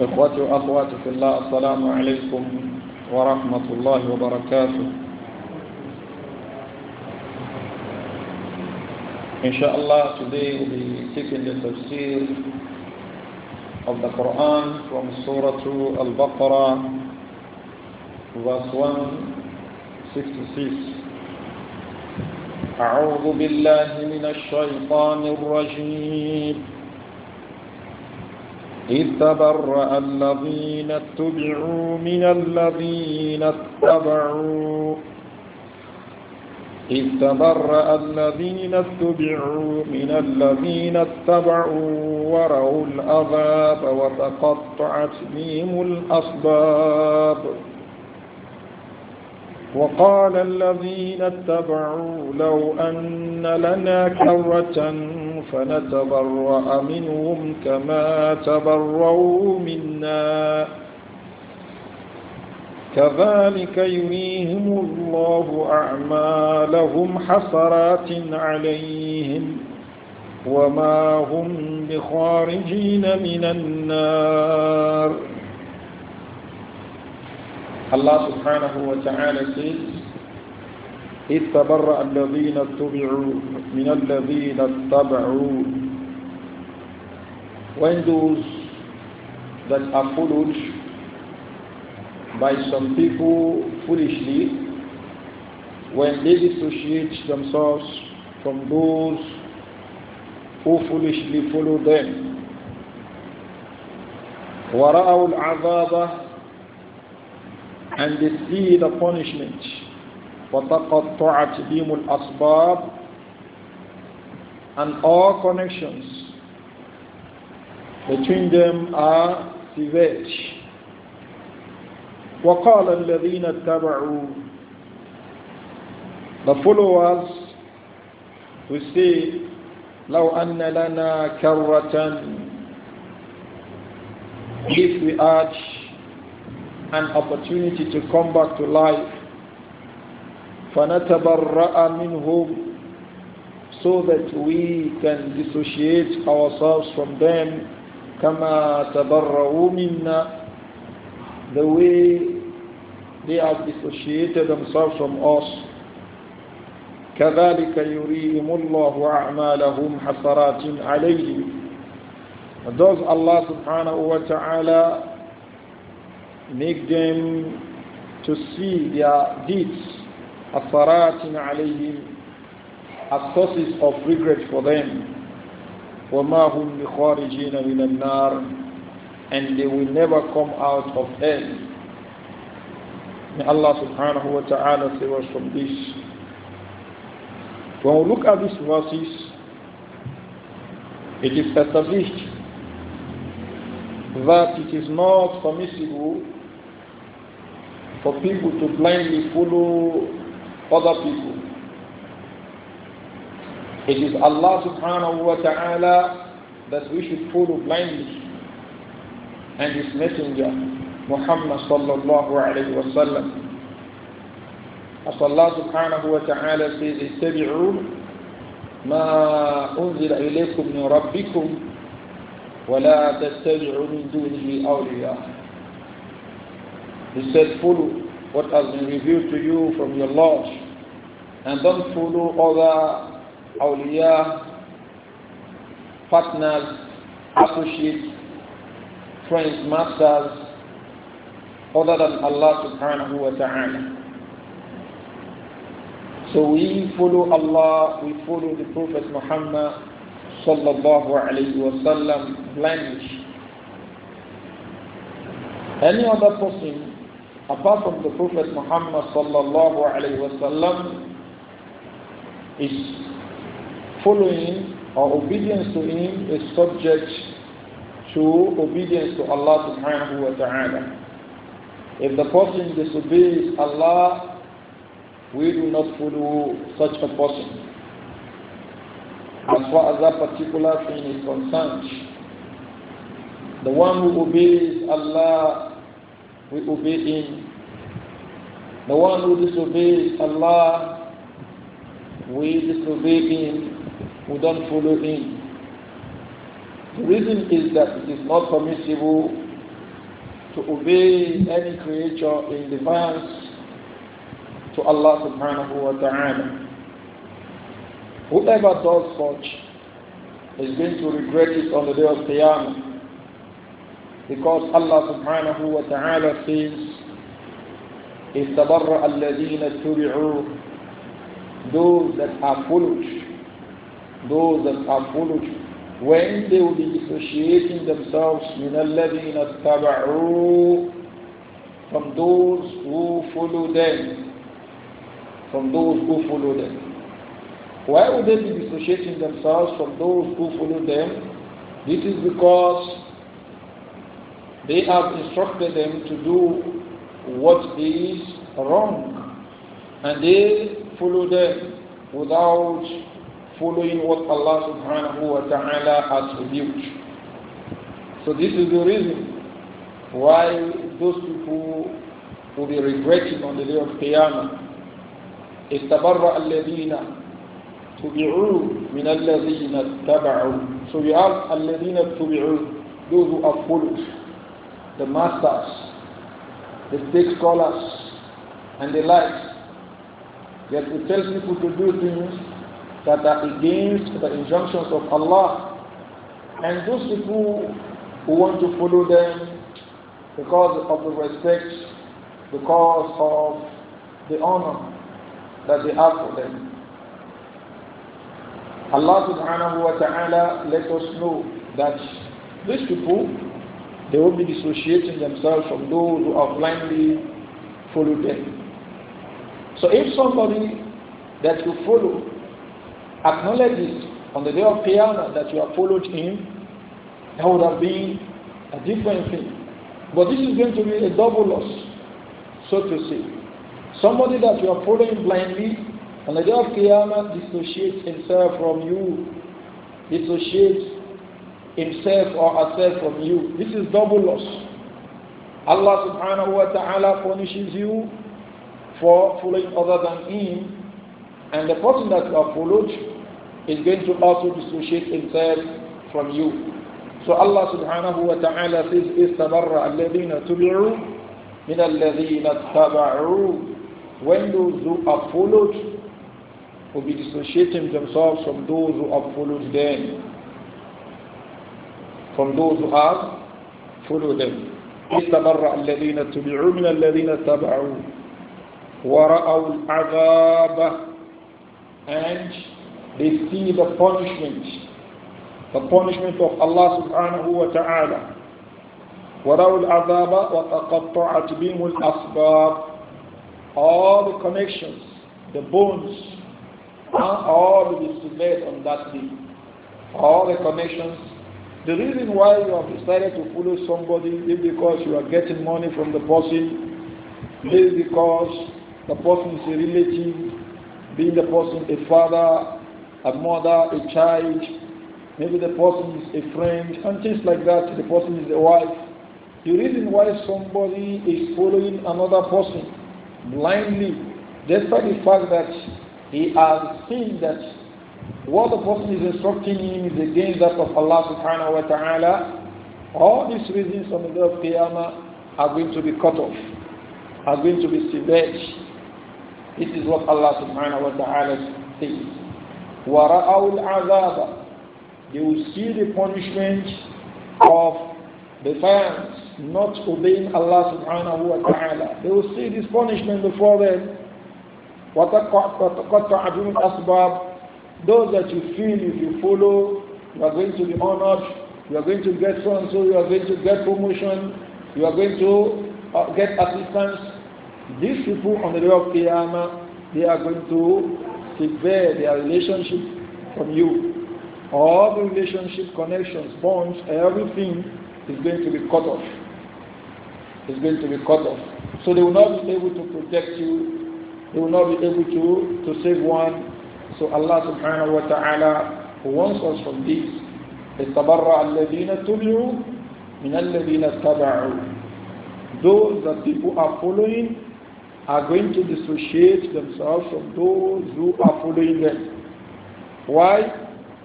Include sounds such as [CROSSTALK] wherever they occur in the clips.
إخوتي وأخواتي في الله السلام عليكم ورحمة الله وبركاته إن شاء الله today we'll be taking the tafsir of the Quran from Surah Al-Baqarah verse 166 أعوذ بالله من الشيطان الرجيم إذ تبرأ الذين اتبعوا من الذين اتبعوا إذ تبرأ الذين اتبعوا من الذين اتبعوا ورأوا الأذاب وتقطعت بهم الأسباب وقال الذين اتبعوا لو أن لنا كرة فنتبرأ منهم كما تبروا منا كذلك يريهم الله أعمالهم حسرات عليهم وما هم بخارجين من النار Allah subhanahu wa ta'ala says, إذ تبرأ الذين اتبعوا من الذين اتبعوا When those that are followed by some people foolishly, when they dissociate themselves from those who foolishly follow them, وَرَأَوُا الْعَذَابَ and they see the punishment. وَتَقَطَّعَتْ بِهِمُ الْأَسْبَابِ And all connections between them are severed. وقال الذين اتبعوا The followers who say لو أن لنا كرة if we had an opportunity to come back to life. فَنَتَبَرَّأَ مِنْهُمْ So that we can dissociate ourselves from them كَمَا تَبَرَّأُوا مِنَّا The way they have dissociated themselves from us. كذلك يريهم الله أعمالهم حسرات عليهم. Does Allah subhanahu wa ta'ala make them to see their deeds afaratin alayhim as sources of regret for them وَمَا هُمْ بِخَارِجِينَ مِنَ النَّارِ and they will never come out of hell May Allah subhanahu wa ta'ala save us from this. When we look at these verses, it is established that it is not permissible for people to blindly follow other people. It is Allah subhanahu wa ta'ala that we should follow blindly and His Messenger Muhammad sallallahu alayhi wa sallam. As Allah subhanahu wa ta'ala says, اتبعوا ما أنزل إليكم من ربكم ولا تتبعوا من دونه أولياء. He said, follow what has been revealed to you from your Lord and don't follow other awliya, partners, associates, friends, masters, other than Allah subhanahu wa ta'ala. So we follow Allah, we follow the Prophet Muhammad sallallahu alayhi wa sallam blindly. Any other person apart from the Prophet Muhammad sallallahu alayhi wasallam, is following or obedience to him is subject to obedience to Allah subhanahu wa ta'ala. If the person disobeys Allah, we do not follow such a person. As far as that particular thing is concerned, the one who obeys Allah we obey Him. The one who disobeys Allah, we disobey Him, we don't follow Him. The reason is that it is not permissible to obey any creature in defiance to Allah subhanahu wa ta'ala. Whoever does such is going to regret it on the day of Qiyamah. Because Allah subhanahu wa ta'ala says, استبرأ الذين اتبعوا those that are foolish, those that are foolish, when they will be dissociating themselves من الذين اتبعوا from those who follow them, from those who follow them. Why would they be dissociating themselves from those who follow them? This is because they have instructed them to do what is wrong. And they follow them without following what Allah subhanahu wa ta'ala has revealed. So this is the reason why those people will be regretting on the day of Qiyamah. استبرأ الذين تبعوا من الذين اتبعوا. So we have الذين تبعوا those who are followed the masters, the big scholars, and the like. Yet it tells people to do things that are against the injunctions of Allah. And those people who want to follow them because of the respect, because of the honor that they have for them. Allah subhanahu wa ta'ala let us know that these people they will be dissociating themselves from those who have blindly followed them. So if somebody that you follow acknowledges on the day of Qiyamah that you have followed him, that would have been a different thing. But this is going to be a double loss, so to say. Somebody that you are following blindly, on the day of Qiyamah dissociates himself from you, dissociates himself or herself from you. This is double loss. Allah subhanahu wa ta'ala punishes you for following other than him and the person that you have followed is going to also dissociate himself from you. So Allah subhanahu wa ta'ala says, إِسْتَبَرَّ الَّذِينَ تُبِعُوا al الَّذِينَ اتَّبَعُوا When those who are followed will be dissociating themselves from those who have followed them from those who have followed them. استبرأ الذين اتبعوا من الذين اتبعوا ورأوا العذاب and they see the punishment the punishment of Allah subhanahu wa ta'ala ورأوا العذاب وتقطعت بهم الأسباب all the connections the bones all will be on that day all the connections the reason why you have decided to follow somebody is because you are getting money from the person, is because the person is a relative, being the person a father, a mother, a child, maybe the person is a friend, and things like that, the person is a wife. The reason why somebody is following another person blindly, despite the fact that he has seen that what the person is instructing him is against that of Allah subhanahu wa ta'ala. All these reasons on the day of Qiyamah are going to be cut off, are going to be severed. This is what Allah subhanahu wa ta'ala says. وَرَأَوُ الْعَذَابَ They will see the punishment of the fans not obeying Allah subhanahu wa ta'ala. They will see this punishment before them. وَتَقَطَّعَ بِهِمْ الْأَسْبَابِ those that you feel if you follow, you are going to be honored, you are going to get so and so, you are going to get promotion, you are going to uh, get assistance. These people on the day of Qiyamah, they are going to sever their relationship from you. All the relationship, connections, bonds, everything is going to be cut off. It's going to be cut off. So they will not be able to protect you. They will not be able to, to save one so Allah subhanahu wa ta'ala wants us from this. Those that people are following are going to dissociate themselves from those who are following them. Why?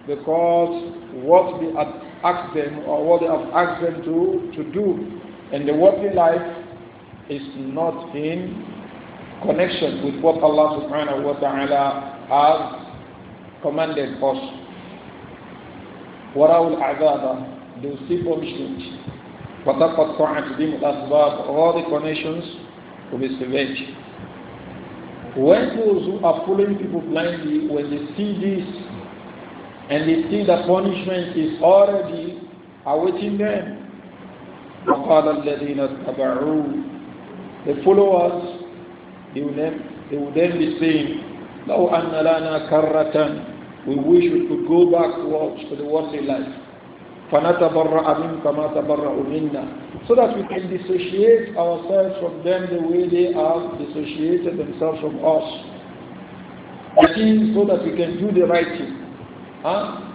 Because what they have asked them or what they have asked them to, to do in the worldly life is not in connection with what Allah subhanahu wa ta'ala has commanded us. وَرَوْا الْأَعْذَابَ They will see punishment. وَتَقَطْعَتْ بِهِمُ الْأَسْبَابُ All the connections to be severed. When those who are following people blindly, when they see this, and they see that punishment is already awaiting them, وَقَالَ الَّذِينَ اتَّبَعُوا The followers, they will then, they will then be saying, لو أن لنا كرة we wish we could go back to, the worldly life. So that we can dissociate ourselves from them the way they have dissociated themselves from us. That is so that we can do the right thing. Huh?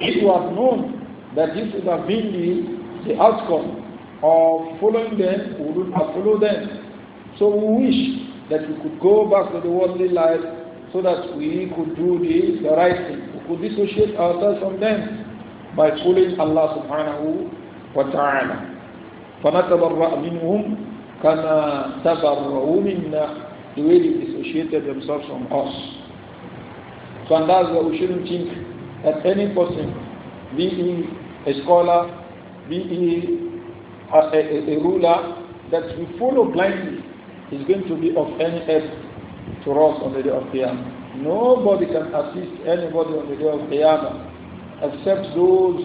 If you have known that this would have been the, the outcome of following them, we would have followed them. So we wish that we could go back to the worldly life so that we could do the, the right thing. We could dissociate ourselves from them by calling Allah subhanahu wa ta'ala. فَنَتَبَرَّأْ مِنْهُمْ كَمَا تَبَرَّأُوا مِنَّا The way they dissociated themselves from us. So and that's why we shouldn't think that any person, be he a scholar, be he a, a, a ruler, that we follow blindly is going to be of any help to us on the day of Qiyamah. Nobody can assist anybody on the day of Qiyamah except those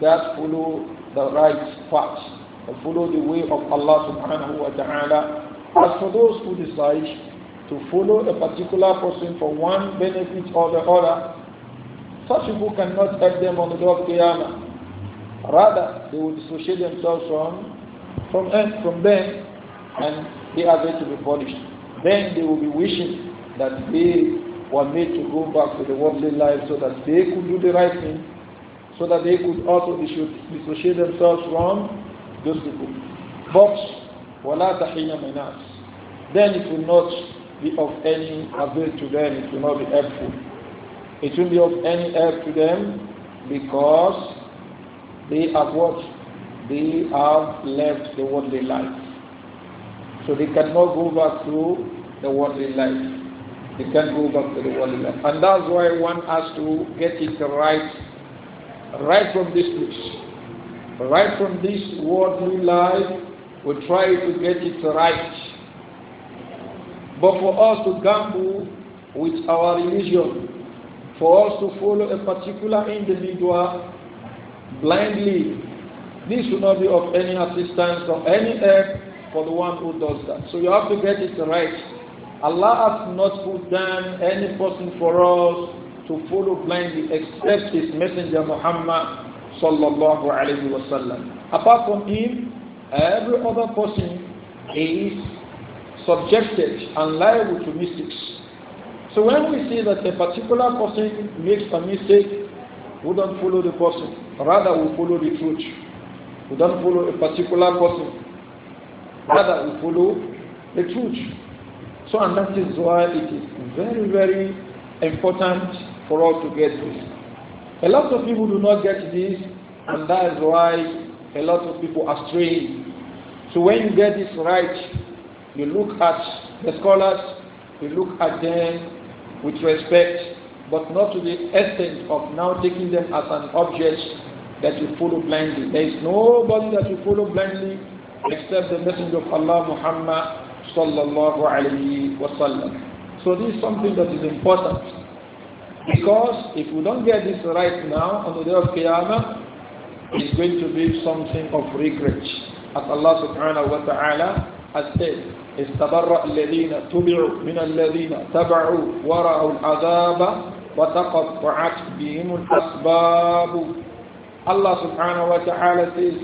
that follow the right path, that follow the way of Allah subhanahu wa ta'ala. As for those who decide to follow a particular person for one benefit or the other, such people cannot help them on the day of Qiyamah. Rather, they will dissociate themselves from, from, from them and they are there to be punished then they will be wishing that they were made to go back to the worldly life so that they could do the right thing, so that they could also dissociate themselves from those people. But wala tahina minas. Then it will not be of any avail to them, it will not be helpful. It will be of any help to them because they have what? They have left the worldly life. So they cannot go back to the worldly life. They can't go back to the worldly life. And that's why one has to get it right, right from this place. Right from this worldly life, we try to get it right. But for us to gamble with our religion, for us to follow a particular individual blindly, this should not be of any assistance or any help for the one who does that. So you have to get it right. Allah has not put down any person for us to follow blindly except his messenger Muhammad sallallahu alayhi wasallam. Apart from him, every other person is subjected and liable to mistakes. So when we see that a particular person makes a mistake, we don't follow the person. Rather, we follow the truth. We don't follow a particular person. Rather, we follow the truth. So, and that is why it is very, very important for us to get this. A lot of people do not get this, and that is why a lot of people are straying. So, when you get this right, you look at the scholars, you look at them with respect, but not to the extent of now taking them as an object that you follow blindly. There is nobody that you follow blindly except the Messenger of Allah Muhammad sallallahu alayhi wasallam. So this is something that is important because if we don't get this right now on the day of Qiyamah, it's going to be something of regret. As Allah subhanahu wa ta'ala has said, استبرأ الذين تبعوا من الذين تبعوا ورأوا العذاب وتقطعت بهم الأسباب Allah subhanahu wa ta'ala says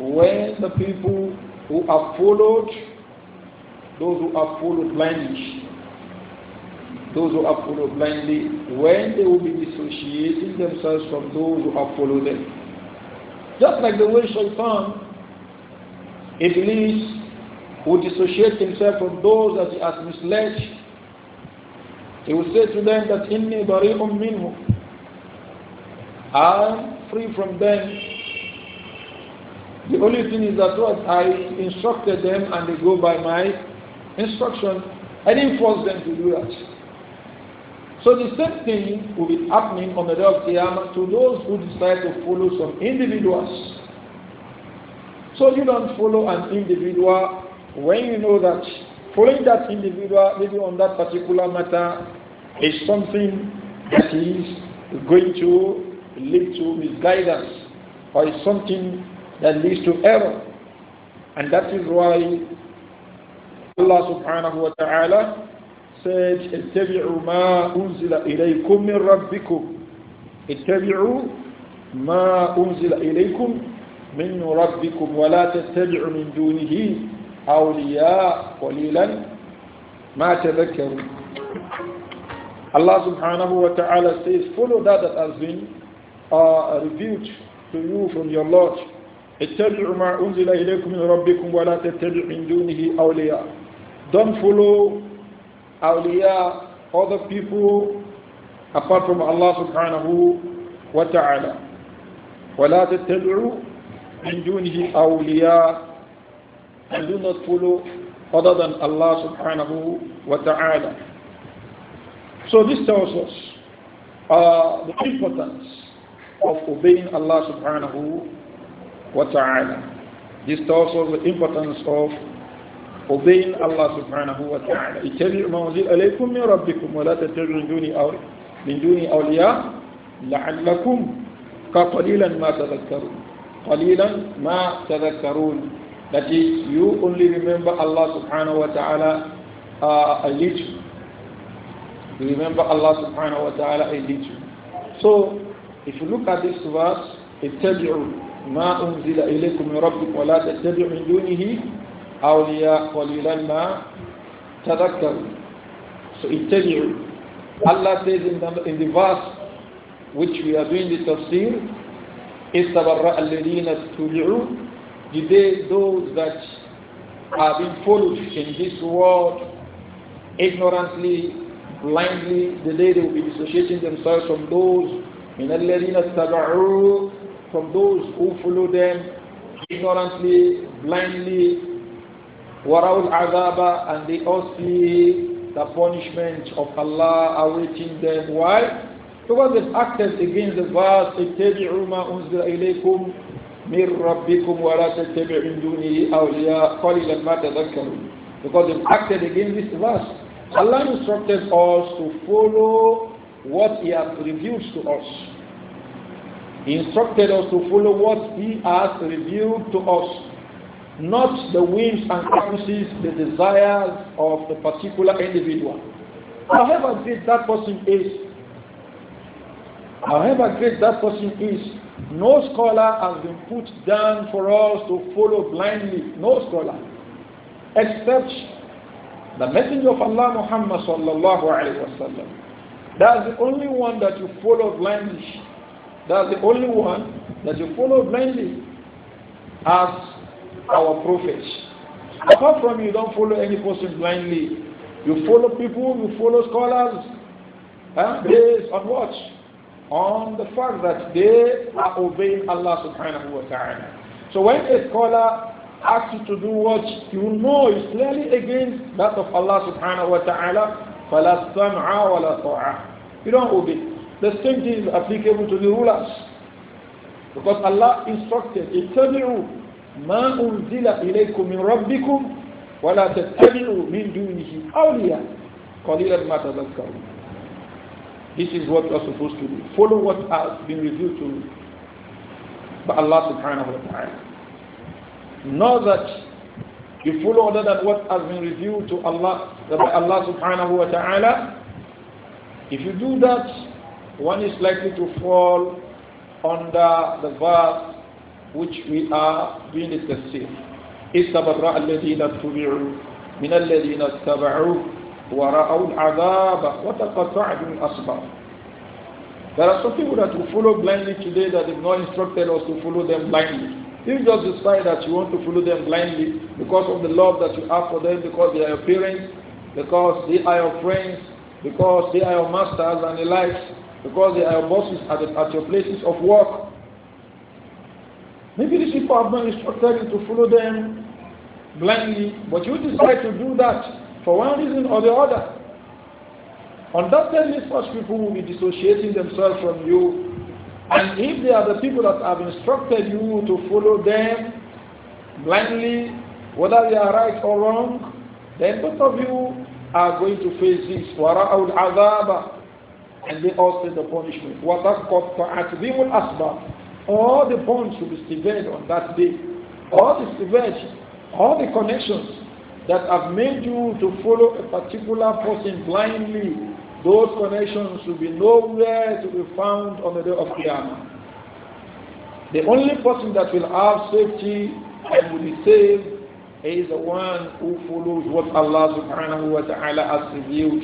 when the people who have followed, those who have followed blindly, those who have followed blindly, when they will be dissociating themselves from those who have followed them. Just like the way Shaitan, Iblis, who dissociates himself from those that he has misled, he will say to them that, Inni bari'um minhu. I am free from them the only thing is that what I instructed them and they go by my instruction. I didn't force them to do that. So the same thing will be happening on the day of Qiyamah to those who decide to follow some individuals. So you don't follow an individual when you know that following that individual maybe on that particular matter is something that is going to lead to misguidance or is something that leads to error. And that is why Allah subhanahu wa ta'ala said, اتبعوا ما أنزل إليكم من ربكم اتبعوا ما أنزل إليكم من ربكم ولا تتبعوا من دونه أولياء قليلا ما تذكروا Allah subhanahu wa ta'ala says, follow that that has been uh, revealed to you from your Lord. اتبعوا ما أنزل إليكم من ربكم ولا تتبعوا من دونه أولياء don't follow awliya other people apart from Allah subhanahu wa ta'ala ولا تتبعوا من دونه أولياء and do not follow other than Allah subhanahu wa ta'ala so this tells us uh, the importance of obeying Allah subhanahu wa ta'ala. This tells us the importance of obeying Allah subhanahu wa ta'ala. اتبعوا ما أنزل إليكم من ربكم ولا تتبعوا من دون من دون أولياء لعلكم قليلا ما تذكرون قليلا ما تذكرون That is, you only remember Allah subhanahu wa ta'ala uh, a little. You remember Allah subhanahu wa ta'ala a little. So, if you look at this verse, it tells you ما أنزل إليكم من ربكم ولا تتبعوا من دونه أولياء قليلا ما تذكروا So Allah says in the, in the verse which we are doing the tafsir استبرأ الذين استولعوا the day those that are being followed in this world ignorantly, blindly, the day they will be dissociating themselves from those من الذين اتبعوا from those who follow them ignorantly, blindly, waraul azaba, and they all see the punishment of Allah awaiting them. Why? Because they've acted against the verse, اتبعوا ما أنزل إليكم من ربكم ولا تتبعوا من دونه أولياء قليلا ما Because they've acted against this verse. Allah instructed us to follow what He has revealed to us instructed us to follow what He has revealed to us, not the whims and caprices, the desires of the particular individual. However great that person is, however great that person is, no scholar has been put down for us to follow blindly. No scholar. Except the Messenger of Allah Muhammad That's the only one that you follow blindly. That's the only one that you follow blindly as our prophet. Apart from you don't follow any person blindly. You follow people, you follow scholars, and based on what? On the fact that they are obeying Allah subhanahu wa ta'ala. So when a scholar asks you to do what you know is clearly against that of Allah subhanahu wa ta'ala, فَلَا سَمْعَ وَلَا طَاعَةً You don't obey. The same thing is applicable to the rulers. Because Allah instructed, اتَّبِعُوا مَا أُنزِلَ إِلَيْكُم مِّن رَبِّكُمْ وَلَا تَتَّبِعُوا مِن دُونِهِ أَوْلِيَا قَلِيلًا مَا تَذَكَّرُونَ This is what you are supposed to do. Follow what has been revealed to you by Allah subhanahu wa ta'ala. Know that you follow other than what has been revealed to Allah by Allah subhanahu wa ta'ala. If you do that, one is likely to fall under the verse which we are being the tafsir. الذين اتبعوا من الذين اتبعوا ورأوا العذاب وتقطعوا الأسباب. There are some people that will follow blindly today that have not instructed us to follow them blindly. If you just decide that you want to follow them blindly because of the love that you have for them, because they are your parents, because they are your friends, because they are your masters and the likes, because they are bosses at, the, at your places of work. Maybe these people have been instructed to follow them blindly, but you decide to do that for one reason or the other. Undoubtedly, such people will be dissociating themselves from you. And if they are the people that have instructed you to follow them blindly, whether they are right or wrong, then both of you are going to face this. وَرَأَوْا and they all take the punishment. What has وَتَقْطَعَتْ بِهِمُ الْأَسْبَابِ All the bonds will be severed on that day. All the severed, all the connections that have made you to follow a particular person blindly, those connections will be nowhere to be found on the day of Qiyamah. The only person that will have safety and will be saved is the one who follows what Allah subhanahu wa ta'ala has revealed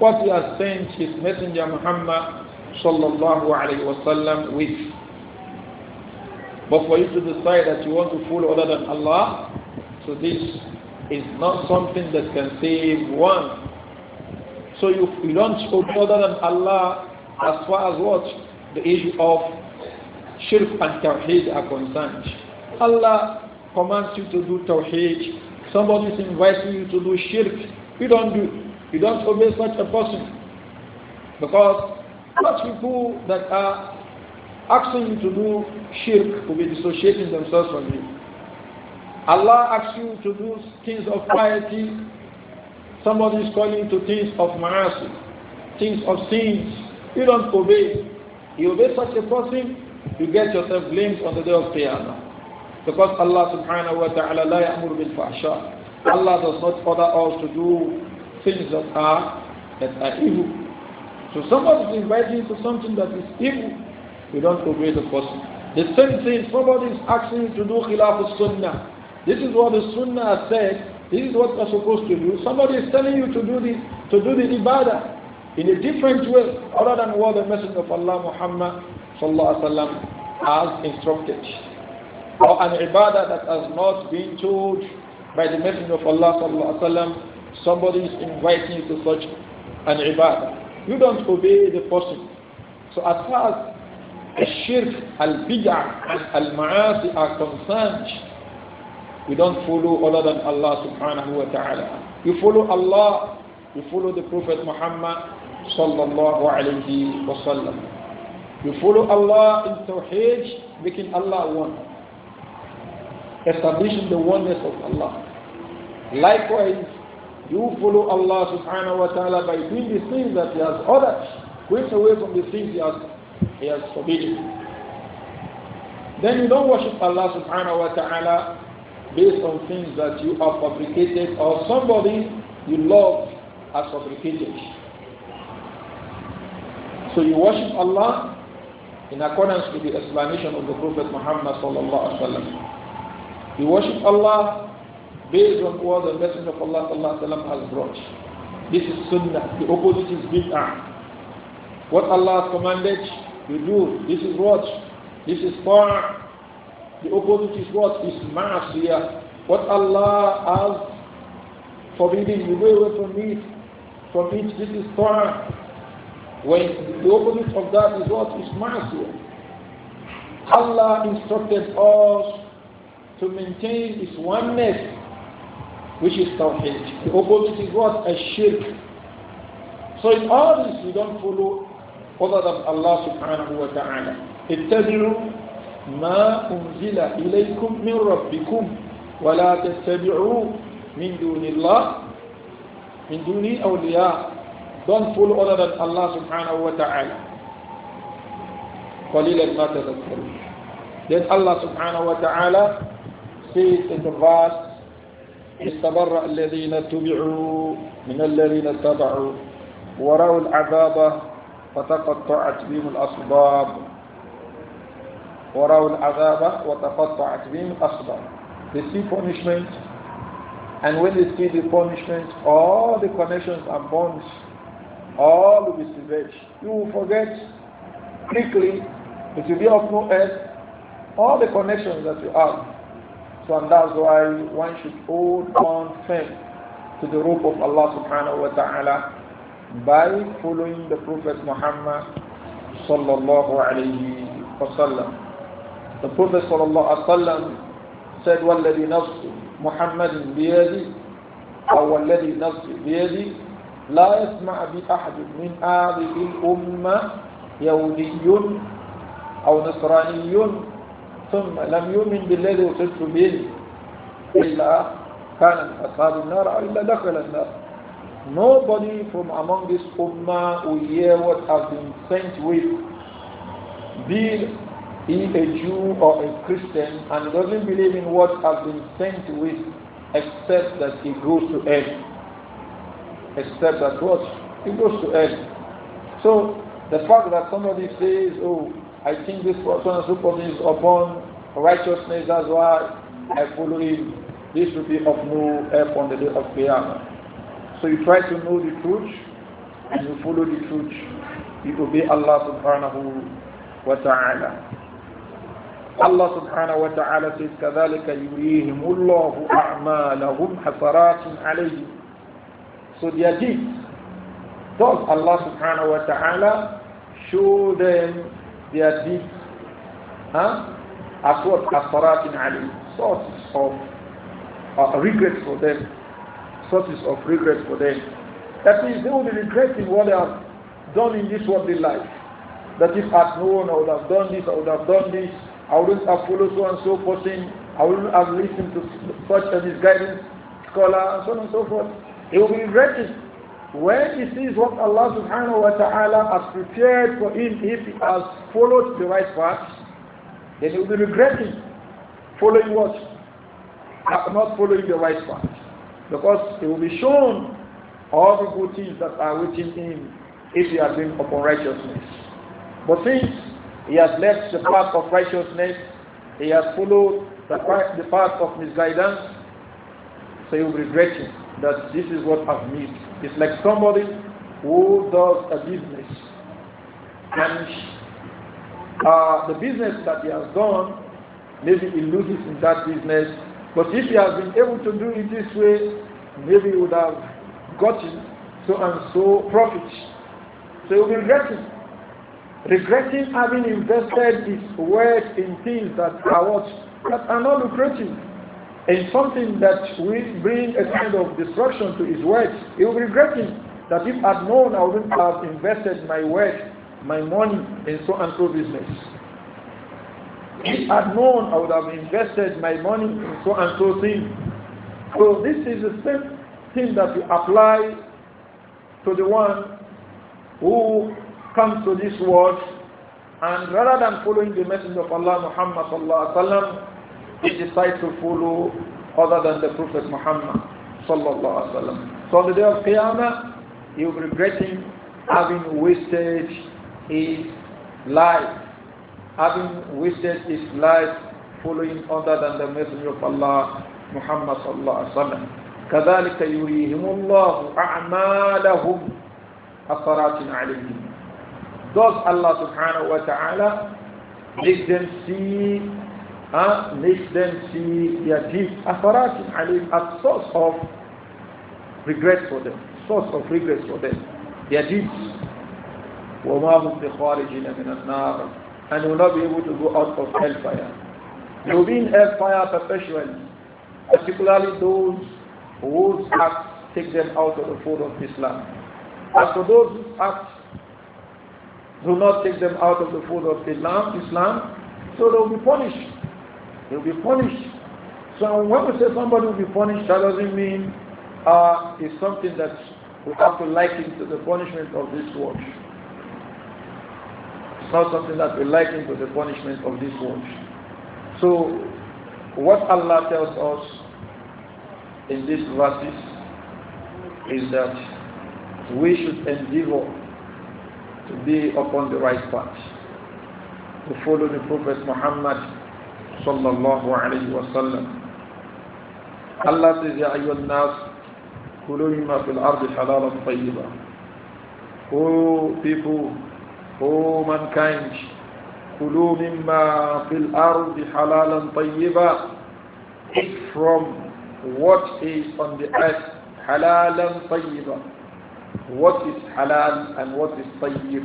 what he has sent his messenger Muhammad sallallahu alayhi wasallam with. But for you to decide that you want to follow other than Allah, so this is not something that can save one. So you, you don't follow other than Allah as far as what the issue of shirk and tawheed are concerned. Allah commands you to do tawheed. Somebody is inviting you to do shirk. You don't do you don't obey such a person. Because such people that are asking you to do shirk will be dissociating themselves from you. Allah asks you to do things of piety. Somebody is calling you to things of ma'asi, things of sins. You don't obey. You obey such a person, you get yourself blamed on the day of Qiyamah. Because Allah subhanahu wa ta'ala la ya'mur bil fahsha. Allah does not order us to do things that are, that are evil. So somebody is inviting to something that is evil, you don't obey the person. The same thing, somebody is asking you to do khilaf sunnah. This is what the sunnah said, this is what we're supposed to do. Somebody is telling you to do this, to do the ibadah in a different way, other than what the message of Allah Muhammad sallallahu has instructed, or an ibadah that has not been told by the message of Allah sallallahu somebody is inviting you to such an ibadah. You don't obey the person. So as far as shirk, al-bid'ah, and al-ma'asi are concerned, we don't follow other than Allah subhanahu wa ta'ala. You follow Allah, you follow the Prophet Muhammad sallallahu alayhi wa sallam. You follow Allah in Tawheed, making Allah one establishing the oneness of Allah. Likewise, you follow Allah subhanahu wa ta'ala by doing the things that He has ordered. quit away from the things He has, he has forbidden. Then you don't worship Allah subhanahu wa ta'ala based on things that you have fabricated or somebody you love has fabricated. So you worship Allah in accordance with the explanation of the Prophet Muhammad sallallahu alaihi wasallam. You worship Allah based on what the Messenger of Allah وسلم, has brought. This is Sunnah. The opposite is Bid'ah. What Allah has commanded, you do. This is what? This is far. The opposite is what? Is Ma'asiyah. What Allah has forbidden, you go away from it. From it, this is far. When the opposite of that is what? Is Ma'asiyah. Allah instructed us to maintain His oneness which is Tawheed. The opposite is what? A shirk. So in all this, you don't follow other than Allah subhanahu wa ta'ala. اتبعوا ما أنزل إليكم من ربكم ولا تتبعوا من دون الله من دون أولياء don't follow other than Allah subhanahu wa ta'ala قليلا ما تذكرون then Allah subhanahu wa ta'ala says in the verse استبرأ الذين اتبعوا من الذين اتبعوا ورأوا العذاب فتقطعت بهم الأسباب ورأوا العذاب وتقطعت بهم الأسباب They see punishment and when they see the punishment all the connections and bonds all will be severed. You will forget quickly it will be of no end all the connections that you have so and that's why one should hold on firm to the rope of Allah subhanahu wa ta'ala by following the Prophet Muhammad sallallahu alayhi wa sallam. The Prophet sallallahu alayhi wa sallam said, وَالَّذِي نَفْسُ مُحَمَّدٍ بِيَدِي أو الذي نفسي بيدي لا يسمع بأحد من هذه الأمة يهودي أو نصراني ثم لم يؤمن بالذي أرسلت به إلا كان أصحاب النار إلا دخل النار Nobody from among this ummah will hear what has been sent with, be he a Jew or a Christian, and doesn't believe in what has been sent with, except that he goes to hell. Except that what? He goes to hell. So the fact that somebody says, oh, I think this person who comes upon righteousness, as well. I follow him. This will be of no help on the day of Qiyamah. So you try to know the truth and you follow the truth. You obey Allah subhanahu wa ta'ala. الله سبحانه وتعالى says كذلك يريهم الله أعمالهم حسرات عليهم so their deeds thus Allah subhanahu wa ta'ala show them They are deep. Huh? As what? Asaratin Ali. Sources of uh, regret for them. Sources of regret for them. That is, they will be regretting what they have done in this worldly life. That if at no one I would have done this, I would have done this, I wouldn't have followed so and so person, I wouldn't have listened to such a misguided scholar, and so on and so forth. They will be regretting when he sees what Allah subhanahu wa ta'ala has prepared for him if he has followed the right path, then he will be regretting following what? Not following the right path. Because he will be shown all the good things that are within him if he has been upon righteousness. But since he has left the path of righteousness, he has followed the path of misguidance, so he will regret it that this is what I've missed. It's like somebody who does a business and uh, the business that he has done, maybe he loses in that business. But if he has been able to do it this way, maybe he would have gotten so and so profit. So he will be regretting. Regretting having invested his wealth in things that are what that are not lucrative in something that will bring a kind of destruction to his wealth, he will regret it. That if i had known, I wouldn't have invested my wealth, my money in so and so business. If i had known, I would have invested my money in so and so thing. So this is the same thing that you apply to the one who comes to this world and rather than following the message of Allah Muhammad sallallahu alaihi wasallam they decide to follow other than the Prophet Muhammad sallallahu alaihi wasallam. So on the day of Qiyamah, he will be regretting having wasted his life, having wasted his life following other than the Messenger of Allah Muhammad sallallahu alaihi wasallam. كذلك يريهم الله أعمالهم حسرات عليهم. Does Allah subhanahu wa ta'ala make them see and ah, makes them see their deeds afaratin alayhim as source of regret for them, source of regret for them, their deeds. وَمَا هُمْ بِخَارِجِينَ مِنَ النَّارِ And will not be able to go out of hellfire. They will be in hellfire perpetually, particularly those whose acts take them out of the fold of Islam. As for those whose acts do not take them out of the fold of Islam, Islam so they'll be punished he will be punished. So when we say somebody will be punished, that doesn't mean uh, it's something that we have to liken to the punishment of this world. It's not something that we liken to the punishment of this world. So what Allah tells us in these verses is that we should endeavor to be upon the right path, to follow the Prophet Muhammad صلى الله عليه وسلم الذي يا ايها الناس كلوا مما في الارض حلالا طيبا او بيبو او من كان كلوا مما في الارض حلالا طيبا eat from what is on the earth حلالا طيبا what is halal and what is طيب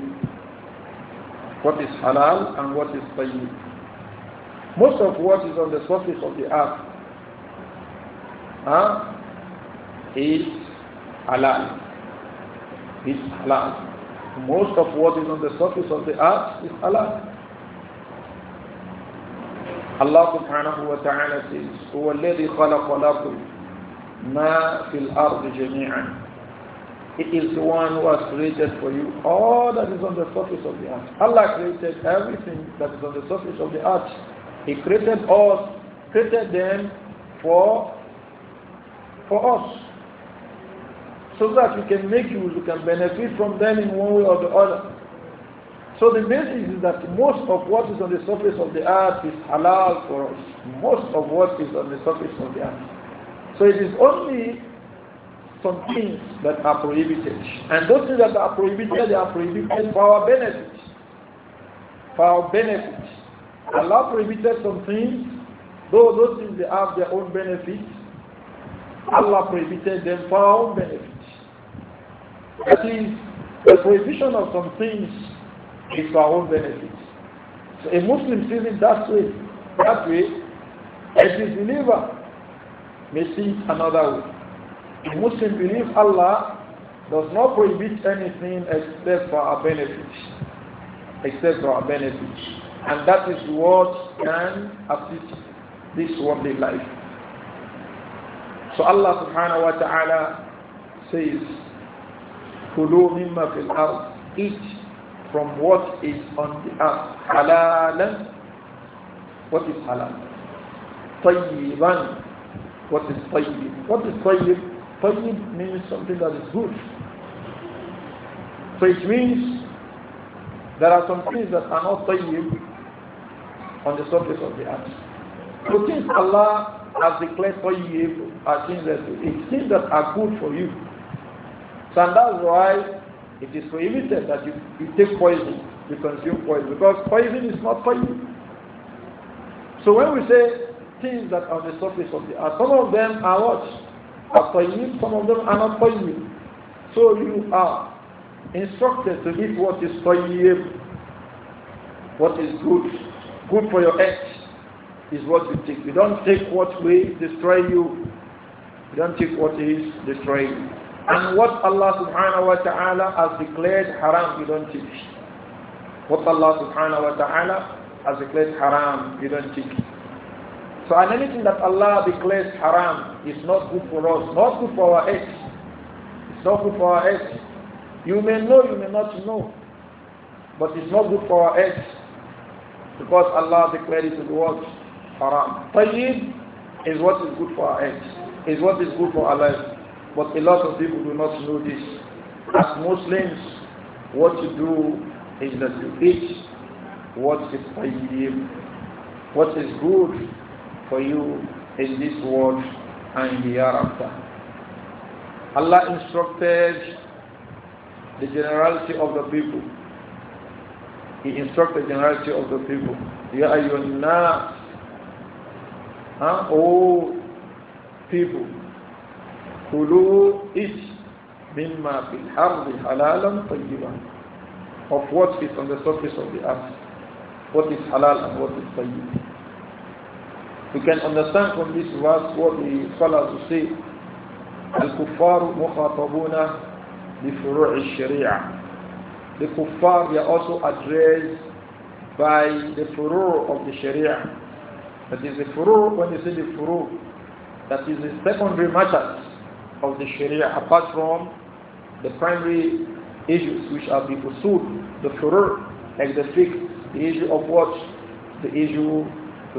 what is halal and what is طيب Most of what is on the surface of the earth huh, is halal. It's halal. Most of what is on the surface of the earth is halal. Allah subhanahu wa ta'ala says, هو الذي خلق لكم ما في الأرض جميعا it is the one who has created for you all that is on the surface of the earth. Allah created everything that is on the surface of the earth. He created us, created them for, for us. So that we can make use, we can benefit from them in one way or the other. So the basis is that most of what is on the surface of the earth is halal for us. Most of what is on the surface of the earth. So it is only some things that are prohibited. And those things that are prohibited, they are prohibited for our benefit. For our benefit. Allah prohibited some things, though those things they have their own benefits. Allah prohibited them for our own benefit. That is, the prohibition of some things is for our own benefits. So a Muslim sees it that way, that way, and his believer may see it another way. A Muslim believes Allah does not prohibit anything except for our benefit. Except for our benefit. And that is what can assist this worldly life. So Allah subhanahu wa ta'ala says, Kulu mimma fil eat from what is on the earth. Halalan, what is halal? Tayyiban, what is tayyib? What is tayyib? Tayyib means something that is good. So it means there are some things that are not tayyib on the surface of the earth. So things Allah has declared for you are things that it's things that are good for you. So and that's why it is prohibited that you, you take poison, you consume poison, because poison is not for you. So when we say things that are on the surface of the earth, some of them are what? Are for you, some of them are not for you. So you are instructed to eat what is for you, what is good, good for your health is what you take. You don't take what will destroy you. You don't take what is destroying you. And what Allah subhanahu wa ta'ala has declared haram, you don't take. What Allah subhanahu wa ta'ala has declared haram, you don't take. So and anything that Allah declares haram is not good for us, not good for our health. It's not good for our health. You may know, you may not know, but it's not good for our health. Because Allah declared it to the what? Haram. Tayyib is what is good for our is what is good for our lives. But a lot of people do not know this. As Muslims, what you do is that you eat what is tayyib, what is good for you in this world and the hereafter. Allah instructed the generality of the people he instructed the majority of the people, Ya ayyunna, huh? all people, kulu each mimma fil harbi halalan tayyiban. Of what is on the surface of the earth. What is halal and what is tayyib. We can understand from this verse what the scholars will say. الكفار مخاطبون al الشريعه the kuffar, they are also addressed by the furor of the sharia. That is the furor, when you say the furor, that is the secondary matters of the sharia apart from the primary issues which are the usul, the furor, like the fiqh, the issue of what? The issue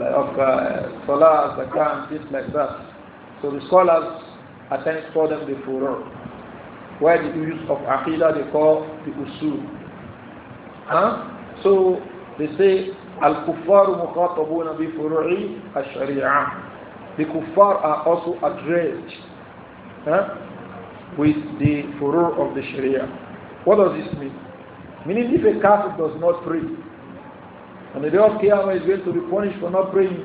of uh, salah, zakah, things like that. So the scholars attend for them the furor. Why the use of aqidah they call the usul? Huh? So they say al-kuffar mukhatabuna bi furu'i ash-shari'ah. The kuffar are also addressed huh? with the furor of the sharia. What does this mean? Meaning if a kafir does not pray, and the day of Qiyamah is going to be punished for not praying,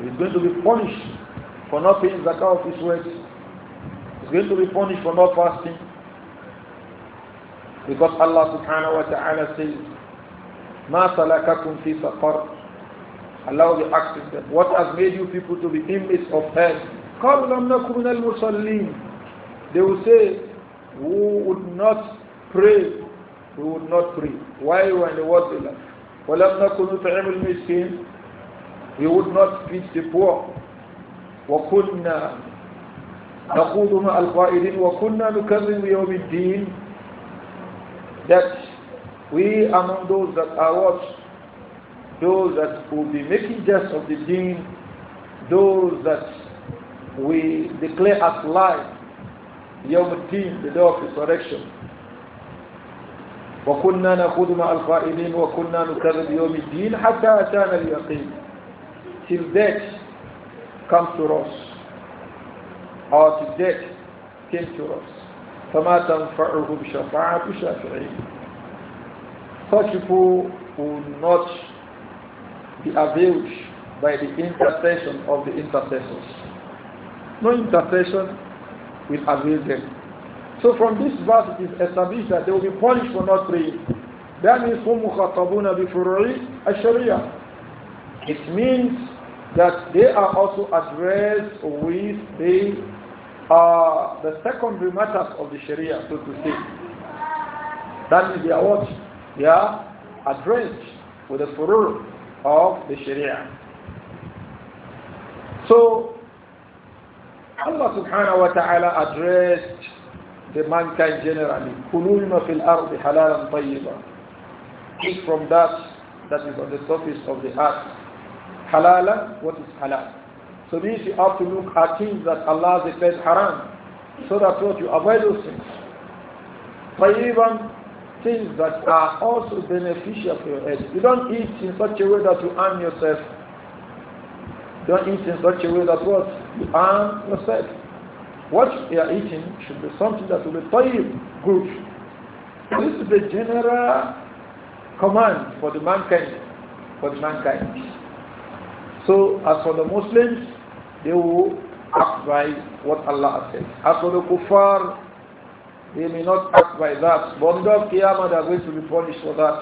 he is going to be punished for not paying zakah of his words, going to be punished for not fasting. Because Allah subhanahu wa ta'ala says, مَا سَلَكَكُمْ فِي سَقَرْ Allah will be asking them, what has made you people to be inmates of hell? قَالُوا لَمْ نَكُمْ الْمُصَلِّينَ They will say, who would not pray, we would not pray. Why we were in the world we left? وَلَمْ نَكُمْ نُطْعِمُ الْمِسْكِينَ We would not feed the poor. وَكُنَّا نقود مع القائلين وكنا نكذب يوم الدين that we among those that are what those that will be making jest of the deen those that we declare as lies يوم الدين the day of resurrection وكنا نخوض مع القائلين وكنا نكذب يوم الدين حتى أتانا اليقين till death comes to us or to death came to us. فَمَا تَنْفَعُهُمْ شَفَاعَةُ شَافِعِينَ Such people will not be availed by the intercession of the intercessors. No intercession will avail them. So from this verse it is established that they will be punished for not praying. That means هم مخاطبون بفروع It means that they are also addressed with the uh, the secondary matters of the Sharia, so to say. That is, they are what? They are addressed with the furor of the Sharia. So, Allah subhanahu wa ta'ala addressed the mankind generally. fil فِي الْأَرْضِ حَلَالًا طَيِّبًا Eat from that that is on the surface of the earth. Halala, what is halal? So this you have to look at things that Allah has declared haram. So that's what you avoid those things. But even things that are also beneficial for your health. You don't eat in such a way that you harm yourself. Don't eat in such a way that what? You harm yourself. What you are eating should be something that will be tayyib, good. This is the general command for the mankind. For the mankind. So as for the Muslims, they will act by what Allah has said. As for the kuffar, they may not act by that. But on the Qiyamah, they are going to be punished for that,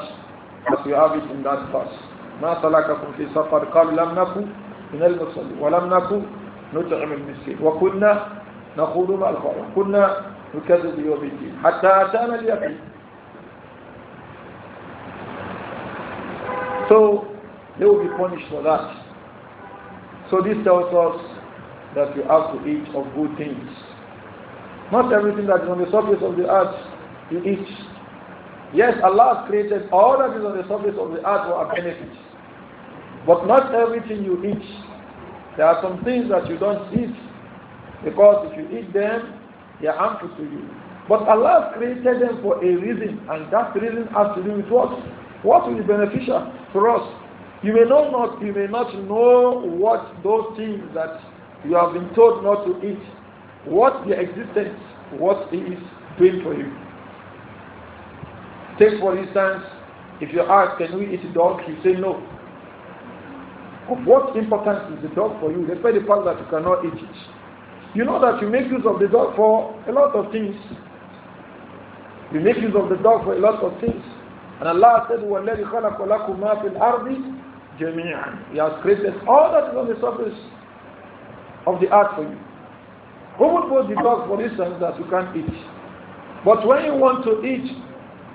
as you have it in that verse. ما سلككم في سفر قالوا لم نكن من المصلين ولم نكن نطعم المسكين وكنا نخوض مع الخوض وكنا نكذب بيوم الدين حتى أتانا اليقين So they will be punished for that. So this tells us that you have to eat of good things. Not everything that is on the surface of the earth you eat. Yes, Allah has created all that is on the surface of the earth for a benefit. But not everything you eat. There are some things that you don't eat because if you eat them, they are harmful to you. But Allah has created them for a reason, and that reason has to do with what? What will be beneficial for us? You may know not you may not know what those things that you have been told not to eat, what their existence, what it is doing for you. Take for instance, if you ask, can we eat dog? You say no. Of what importance is the dog for you, despite the fact that you cannot eat it? You know that you make use of the dog for a lot of things. You make use of the dog for a lot of things. And Allah said, وَالَّذِي خَلَقَ لَكُمْ مَا فِي الْأَرْضِ jami'an. He has created all that is on the surface of the earth for you. put the dogs for instance, that you can't eat. But when you want to eat,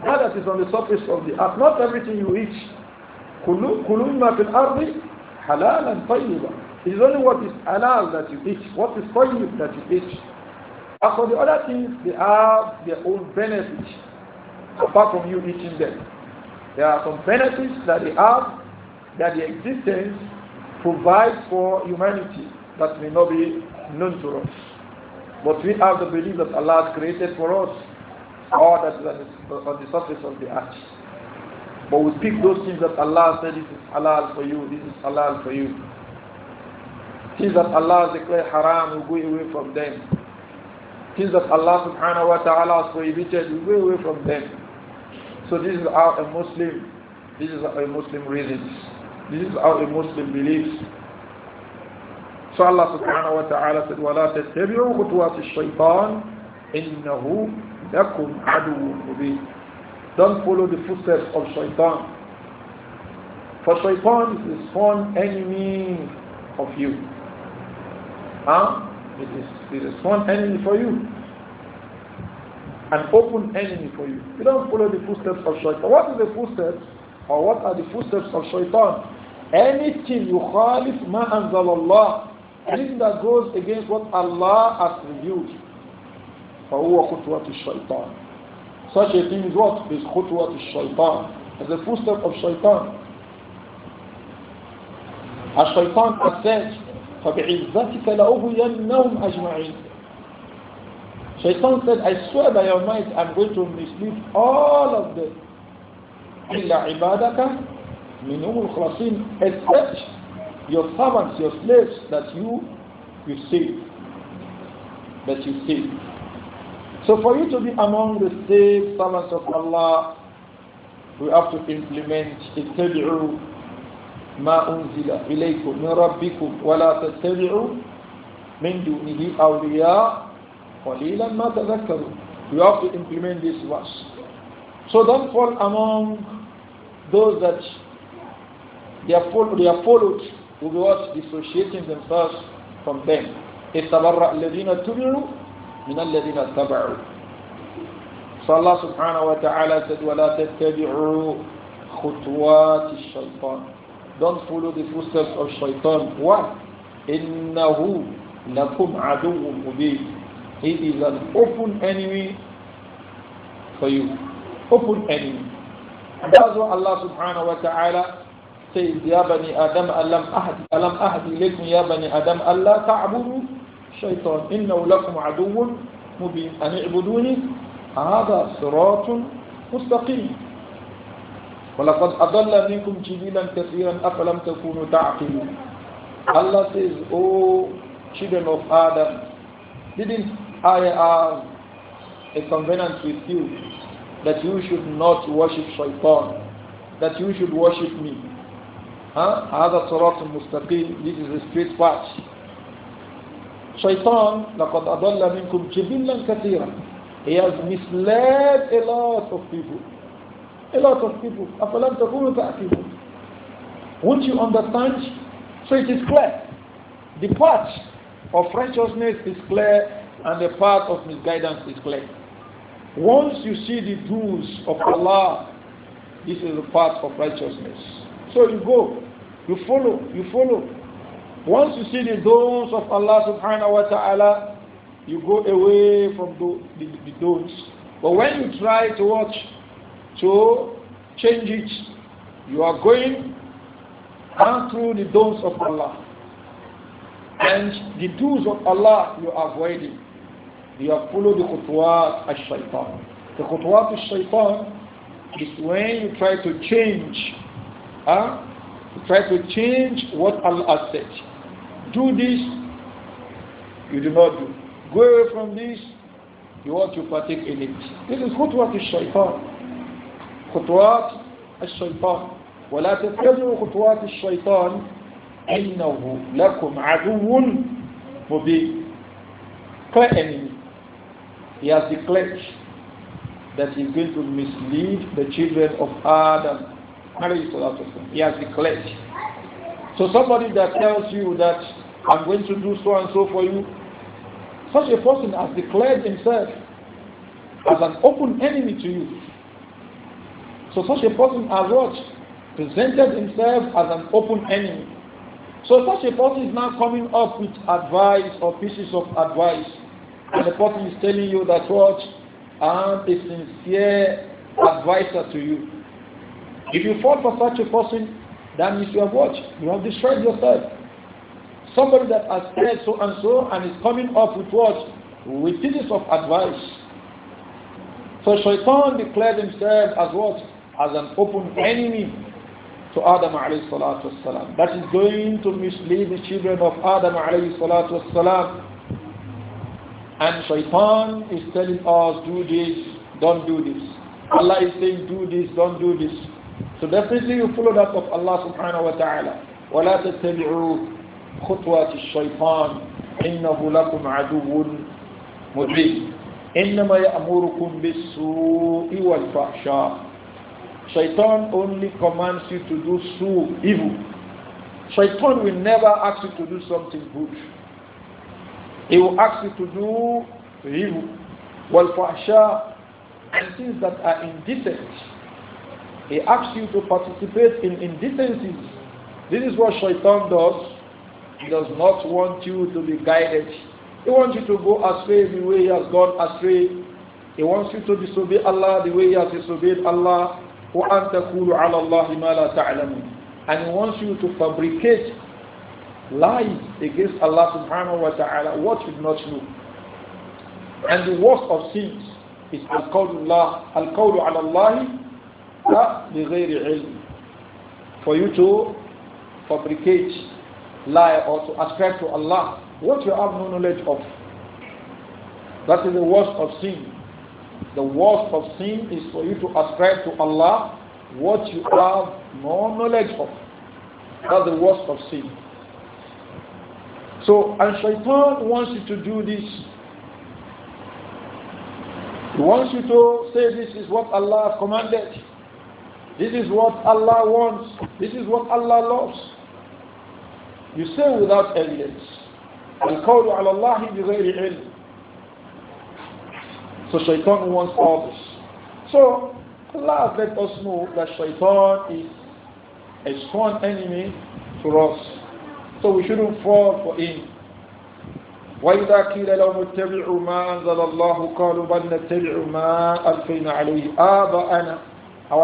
all that is on the surface of the earth, not everything you eat. كُلُّ مَا فِي الْأَرْضِ حَلَالًا طَيِّبًا It is only what is halal that you eat, what is طيب that you eat. As for the other things, they have their own benefits apart from you eating them. There are some benefits that they have that the existence provides for humanity that may not be known to us. But we have the belief that Allah has created for us all that is on the surface of the earth. But we pick those things that Allah said, this is halal for you, this is halal for you. Things that Allah has declared haram, we go away from them. Things that Allah subhanahu wa ta'ala has prohibited, we go away from them. So this is how a Muslim, this is how a Muslim reasons. This is how a Muslim believes. So Allah subhanahu wa ta'ala said, وَلَا تَتَّبِعُوا خُطُوَاتِ الشَّيْطَانِ إِنَّهُ لَكُمْ عَدُوٌ مُبِينٌ Don't follow the footsteps of shaitan. For shaitan is the sworn enemy of you. Huh? It is, it is sworn enemy for you. An open enemy for you. You don't follow the footsteps of shaitan. What is the footsteps? Or what are the footsteps of shaitan? Anything you khalif ma anzal Allah, anything that goes against what Allah has revealed, فَهُوَ خُطْوَةُ الشَّيْطَانِ Such a thing is what? Is خُطْوَةُ الشَّيْطَانِ As the footstep of shaitan. As shaitan has said, فَبِعِزَّتِكَ لَأُغْيَنَّهُمْ أَجْمَعِينَ Shaitan said, I swear by your might, I'm going to mislead all of them. إِلَّا عِبَادَكَ minhum al-khalasin except your servants, your slaves that you you save. That you save. So for you to be among the saved servants of Allah, we have to implement اتبعوا ما أنزل إليكم من ربكم ولا تتبعوا من دونه أولياء قليلا ما تذكروا you have to implement this verse. So don't fall among those that their, follow, their followed Who was dissociating themselves from them. اتبرأ الذين اتبعوا من الذين اتبعوا. So Allah subhanahu wa ta'ala said, وَلَا تَتَّبِعُوا خُطْوَاتِ الشَّيْطَانِ Don't follow the footsteps of shaitan. Why? إِنَّهُ لَكُمْ عَدُوٌ مُبِينٌ He is an open enemy for you. Open enemy. And that's what Allah subhanahu wa ta'ala سيد يا بني آدم ألم أهدي ألم أهدي إليكم يا بني آدم ألا تعبدوا الشيطان إنه لكم عدو مبين أن اعبدوني هذا صراط مستقيم ولقد أضل منكم جليلا كثيرا أفلم تكونوا تعقلون الله says, O children of Adam, didn't I have a covenant with you that you should not worship shaitan, that you should worship me? هذا صراط مستقيم this is the straight path شيطان لقد أضل منكم جبلا كثيرا he has misled a lot of people a lot of people أفلم تكونوا تأكلون won't you understand so it is clear the path of righteousness is clear and the path of misguidance is clear once you see the tools of Allah this is the path of righteousness so you go you follow, you follow. Once you see the don'ts of Allah subhanahu wa ta'ala, you go away from the, the, the But when you try to watch, to change it, you are going down through the don'ts of Allah. And the do's of Allah you are avoiding. You are following the khutwat al-shaytan. The khutwat al-shaytan is when you try to change huh, Try to change what Allah has said. Do this, you do not do. Go away from this, you want to partake in it. This is خطوات الشيطان. خطوات الشيطان. ولا تتبعوا خطوات الشيطان إنه لكم عدو مبين. Clear enemy. He has declared that he's going to mislead the children of Adam he has declared. So somebody that tells you that I'm going to do so and so for you, such a person has declared himself as an open enemy to you. So such a person has what? Presented himself as an open enemy. So such a person is now coming up with advice or pieces of advice. And the person is telling you that what? I'm a sincere advisor to you. If you fall for such a person, that means you have watched, you have destroyed yourself. Somebody that has said so and so and is coming up with what? With pieces of advice. So Shaitan declared himself as what? As an open enemy to Adam alayhi salatu wasalam. That is going to mislead the children of Adam alayhi salatu wasalam. And Shaitan is telling us, do this, don't do this. Allah is saying, do this, don't do this. So definitely you follow that of Allah subhanahu wa ta'ala. وَلَا تَتَّبِعُوا خُطْوَاتِ الشَّيْطَانِ إِنَّهُ لَكُمْ عَدُوٌ مُبِينٌ إِنَّمَا يَأْمُرُكُمْ بِالسُّوءِ وَالْفَحْشَاءِ Shaitan only commands you to do so evil. Shaitan will never ask you to do something good. He will ask you to do evil. Wal-fahsha and things that are indecent he asks you to participate in indecencies. This is what shaitan does. He does not want you to be guided. He wants you to go astray the way he has gone astray. He wants you to disobey Allah the way he has disobeyed Allah. And he wants you to fabricate lies against Allah subhanahu wa ta'ala what should not know. And the worst of sins is al-qawlu al-qawlu ala Allah for you to fabricate, lie, or to ascribe to Allah what you have no knowledge of. That is the worst of sin. The worst of sin is for you to ascribe to Allah what you have no knowledge of. That's the worst of sin. So, and shaitan wants you to do this. He wants you to say this is what Allah has commanded. This is what Allah wants. This is what Allah loves. You say without evidence. Allah على الله very علم. So shaitan wants all this. So Allah has let us know that shaitan is a strong enemy for us. So we shouldn't fall for him. وإذا you, لهم اتبعوا ما أنزل الله قالوا بل نتبع ما ألفينا عليه آباءنا so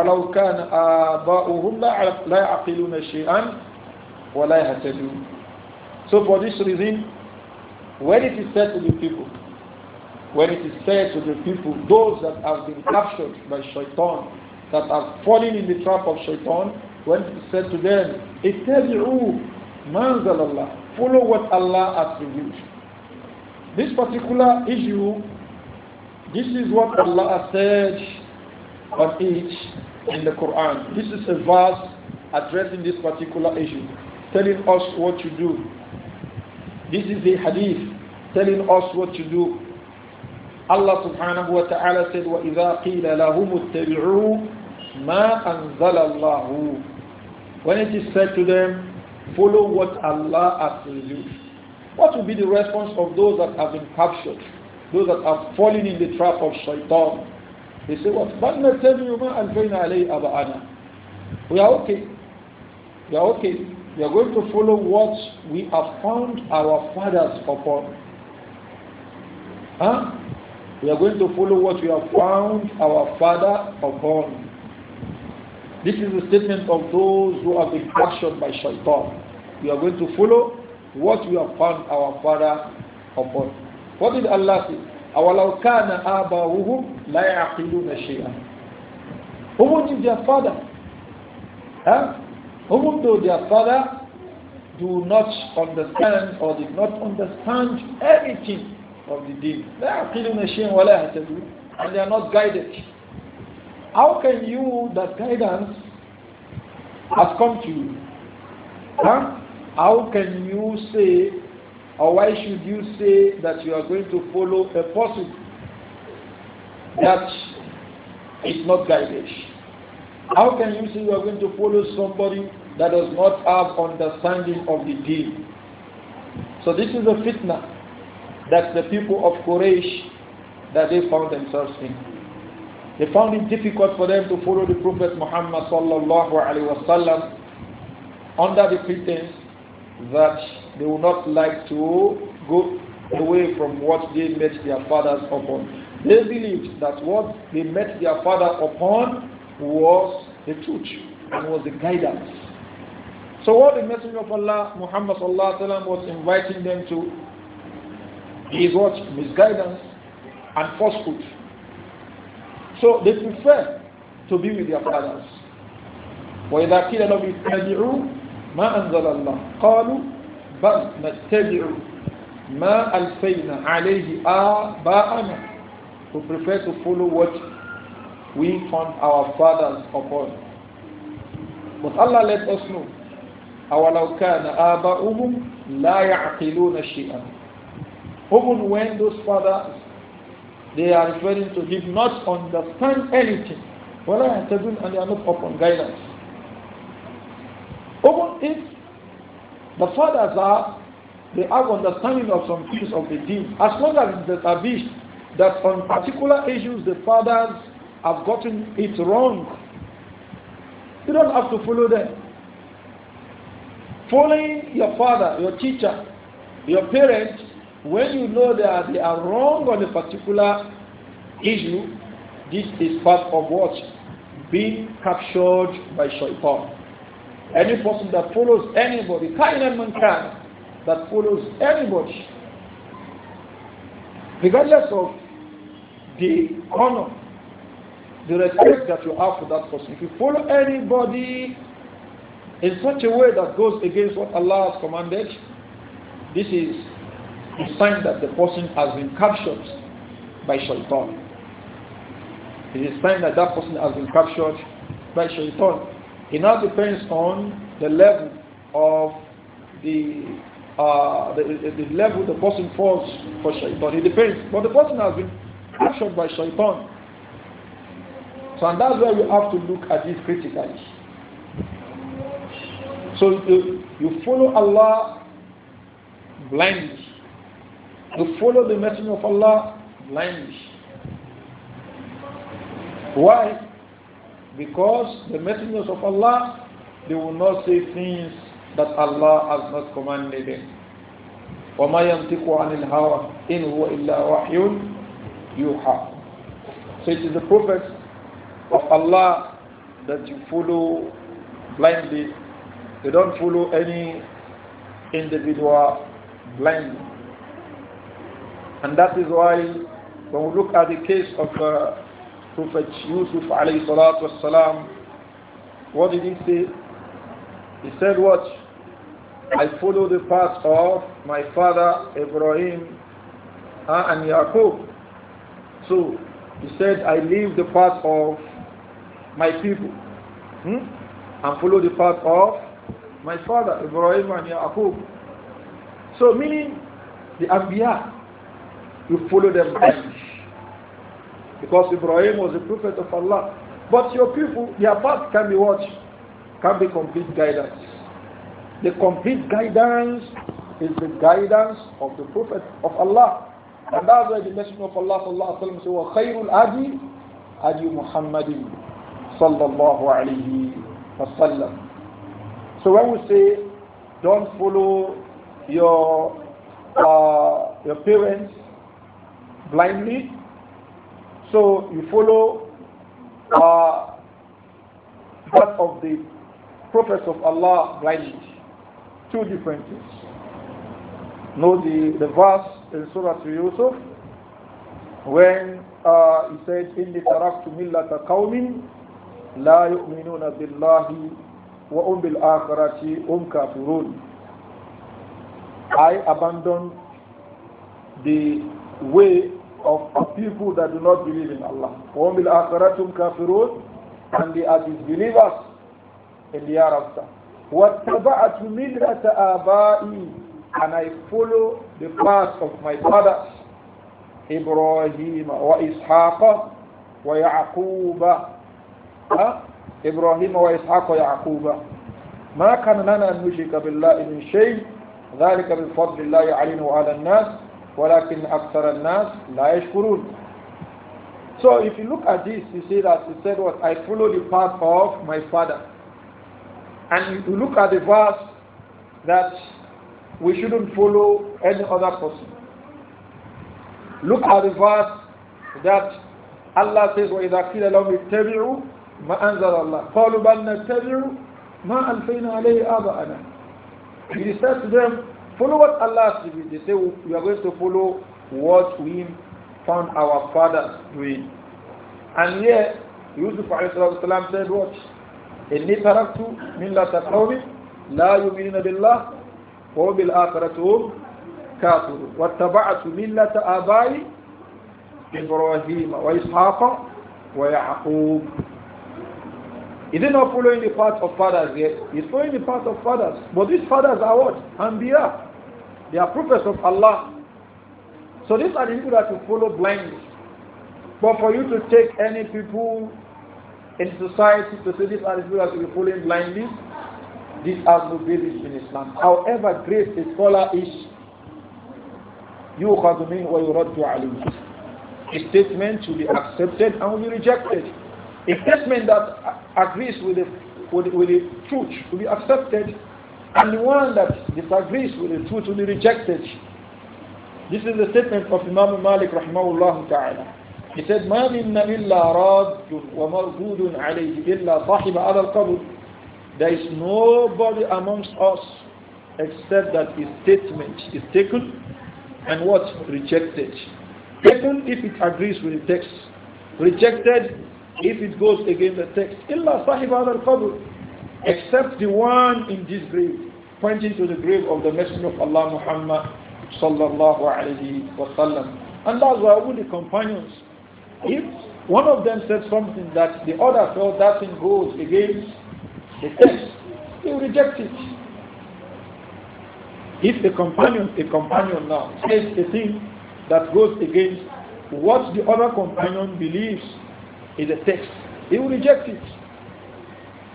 for this reason, when it is said to the people, when it is said to the people, those that have been captured by shaitan, that have fallen in the trap of shaitan, when it is said to them, اتبعوا منزل الله, follow what Allah has revealed. This particular issue, this is what Allah has said on each in the Quran. This is a verse addressing this particular issue, telling us what to do. This is a hadith telling us what to do. Allah subhanahu wa ta'ala said, وَإِذَا قِيلَ لَهُمُ اتَّبِعُوا مَا أَنزَلَ اللَّهُ When it is said to them, follow what Allah has revealed. What will be the response of those that have been captured, those that have fallen in the trap of shaitan? They say, what? فَلْنَتَّبِعُ مَا أَلْفَيْنَا عَلَيْهِ أَبَعَانَا We are okay. We are okay. We are going to follow what we have found our fathers upon. Huh? We are going to follow what we have found our father upon. This is the statement of those who have been captured by shaitan. We are going to follow what we have found our father upon. What did Allah say? أَوَلَوْ كَانَ آبَاؤُهُمْ لَا يَعْقِلُونَ شَيْئًا Even if their father, huh? even though their father do not understand or did not understand anything of the deen, they are feeling ashamed and they are not guided. How can you, that guidance has come to you? Huh? How can you say or why should you say that you are going to follow a person that is not guided? How can you say you are going to follow somebody that does not have understanding of the deen? So this is a fitna that the people of Quraysh that they found themselves in. They found it difficult for them to follow the Prophet Muhammad sallallahu alaihi wasallam under the pretense that they will not like to go away from what they met their fathers upon. They believed that what they met their father upon was the truth and was the guidance. So what the Messenger of Allah, Muhammad sallallahu was inviting them to is what misguidance and falsehood. So they prefer to be with their fathers. وإذا قيل the اتبعوا ما أنزل الله قالوا بل نتبع ما ألفينا عليه آباءنا who prefer to follow what we found our fathers upon. But Allah let us know أولو كان آباؤهم لا يعقلون شيئا Even when those fathers they are referring to did not understand anything. ولا يهتدون and they are not upon guidance. Even if the fathers are, they have understanding of some things of the deen. As long as it's established that on particular issues the fathers have gotten it wrong, you don't have to follow them. Following your father, your teacher, your parents, when you know that they are wrong on a particular issue, this is part of what? Being captured by shaitan. Any person that follows anybody, Kainan Mankan, that follows anybody, regardless of the honor, the respect that you have for that person. If you follow anybody in such a way that goes against what Allah has commanded, this is a sign that the person has been captured by shaitan. It is a sign that that person has been captured by shaitan. It now depends on the level of the, uh, the, the, level the person falls for shaitan. It depends. But the person has been captured by shaitan. So and that's why you have to look at this critically. So you, you follow Allah blindly. You follow the message of Allah blindly. Why? Because the messengers of Allah, they will not say things that Allah has not commanded them. وما ينطق عن الهوى إن هو إلا وحي يوحى So it is the prophets of Allah that you follow blindly. You don't follow any individual blindly. And that is why when we look at the case of uh, Prophet Yusuf alayhi salatu what did he say? He said what? I follow the path of my father Ibrahim uh, and Yaqub. So he said, I leave the path of my people hmm? and follow the path of my father Ibrahim and Yaqub. So meaning the Anbiya, you follow them because Ibrahim was a prophet of Allah. But your people, their path can be what? Can be complete guidance. The complete guidance is the guidance of the Prophet of Allah. And that's why the message of Allah sallallahu alayhi wa sallam said, Adi الْأَدِي أَدِي مُحَمَّدٍ صلى الله عليه So when we say, don't follow your, uh, your parents blindly, so you follow uh, that of the prophets of Allah blindly. Two different things. Know the, the verse in Surah Yusuf when uh, he said, "In the إِنِّي تَرَكْتُ مِلَّةَ قَوْمٍ لَا wa بِاللَّهِ bil بِالْآخِرَةِ umka furun." I abandoned the way of people that do not believe in Allah. وَهُمْ بِالْآخِرَةُمْ كَافِرُونَ And they are disbelievers in the hereafter. وَاتَّبَعَتُ مِلَّةَ آبَائِي And I follow the path of my fathers, Ibrahim وإسحاق ويعقوب ها؟ إبراهيم وإسحاق ويعقوب ما كان لنا أن نشرك بالله من شيء ذلك بفضل الله علينا وعلى الناس وَلَكِنْ أَكْثَرَ النَّاسِ لَا يَشْكُرُونَ So if you look at this, you see that he said what? I follow the path of my father. And you look at the verse that we shouldn't follow any other person. Look at the verse that Allah says, وَإِذَا قِيلَ لَهُمْ اتَّبِعُوا مَا أَنزَلَ اللَّهُ قَالُوا بَلْ نَتَّبِعُ مَا أَلْفَيْنَا عَلَيْهِ آبَاءَنَا He said to them, Follow what Allah has revealed. They say we are going to follow what we found our fathers doing. And here, Yusuf والسلام, said what? إِنِّي تَرَكْتُ مِلَّةَ قَوْمٍ لَا يُؤْمِنُونَ بِاللَّهِ وَهُمْ بِالْآخِرَةِ هُمْ كَافِرُونَ وَاتَّبَعْتُ مِلَّةَ آبَائِي إِبْرَاهِيمَ وَإِسْحَاقَ وَيَعْقُوبَ is it not following the path of fathers yet? It's following the path of fathers. But these fathers are what? Ambiya. They are prophets of Allah. So these are the people that you follow blindly. But for you to take any people in society to say these are the people that you follow blindly, this has no basis in Islam. However great a scholar is, you مِنْهُ وَيُرَدُّ عَلِيهِ His statement should be accepted and will be rejected. A statement that agrees with the, with, with the truth will be accepted, and the one that disagrees with the truth will be rejected. This is the statement of Imam Malik rahimahullah ta'ala. He said, ما منا إلا راد ومردود عليه إلا صاحب على القبر. There is nobody amongst us except that his statement is taken and what? Rejected. Taken if it agrees with the text. Rejected if it goes against the text. Illa sahib al qabr except the one in this grave, pointing to the grave of the Messenger of Allah Muhammad sallallahu alayhi wa sallam. And that's why all the companions, if one of them said something that the other thought that thing goes against the text, they reject it. If a companion, a companion now says a thing that goes against what the other companion believes is a text, he will reject it.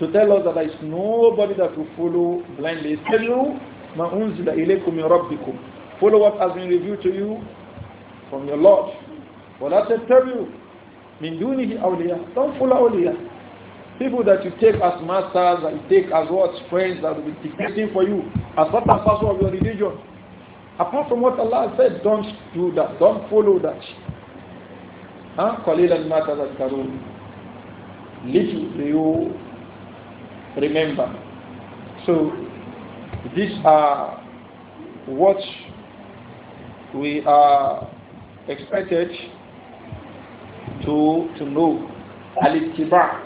To tell us that there is nobody that will follow blindly. Follow what has been revealed to you from your Lord. وَلَا تَتَّبِعُوا مِن دُونِهِ أَوْلِيَا Don't follow awliya. People that you take as masters, that you take as what friends, that will be dictating for you, as part and parcel of your religion. Apart from what Allah said, don't do that. Don't follow that. Huh? قَلِيلًا مَا تَذَكَّرُونَ Little do you remember. So these are what we are expected to, to know. Al-Ittiba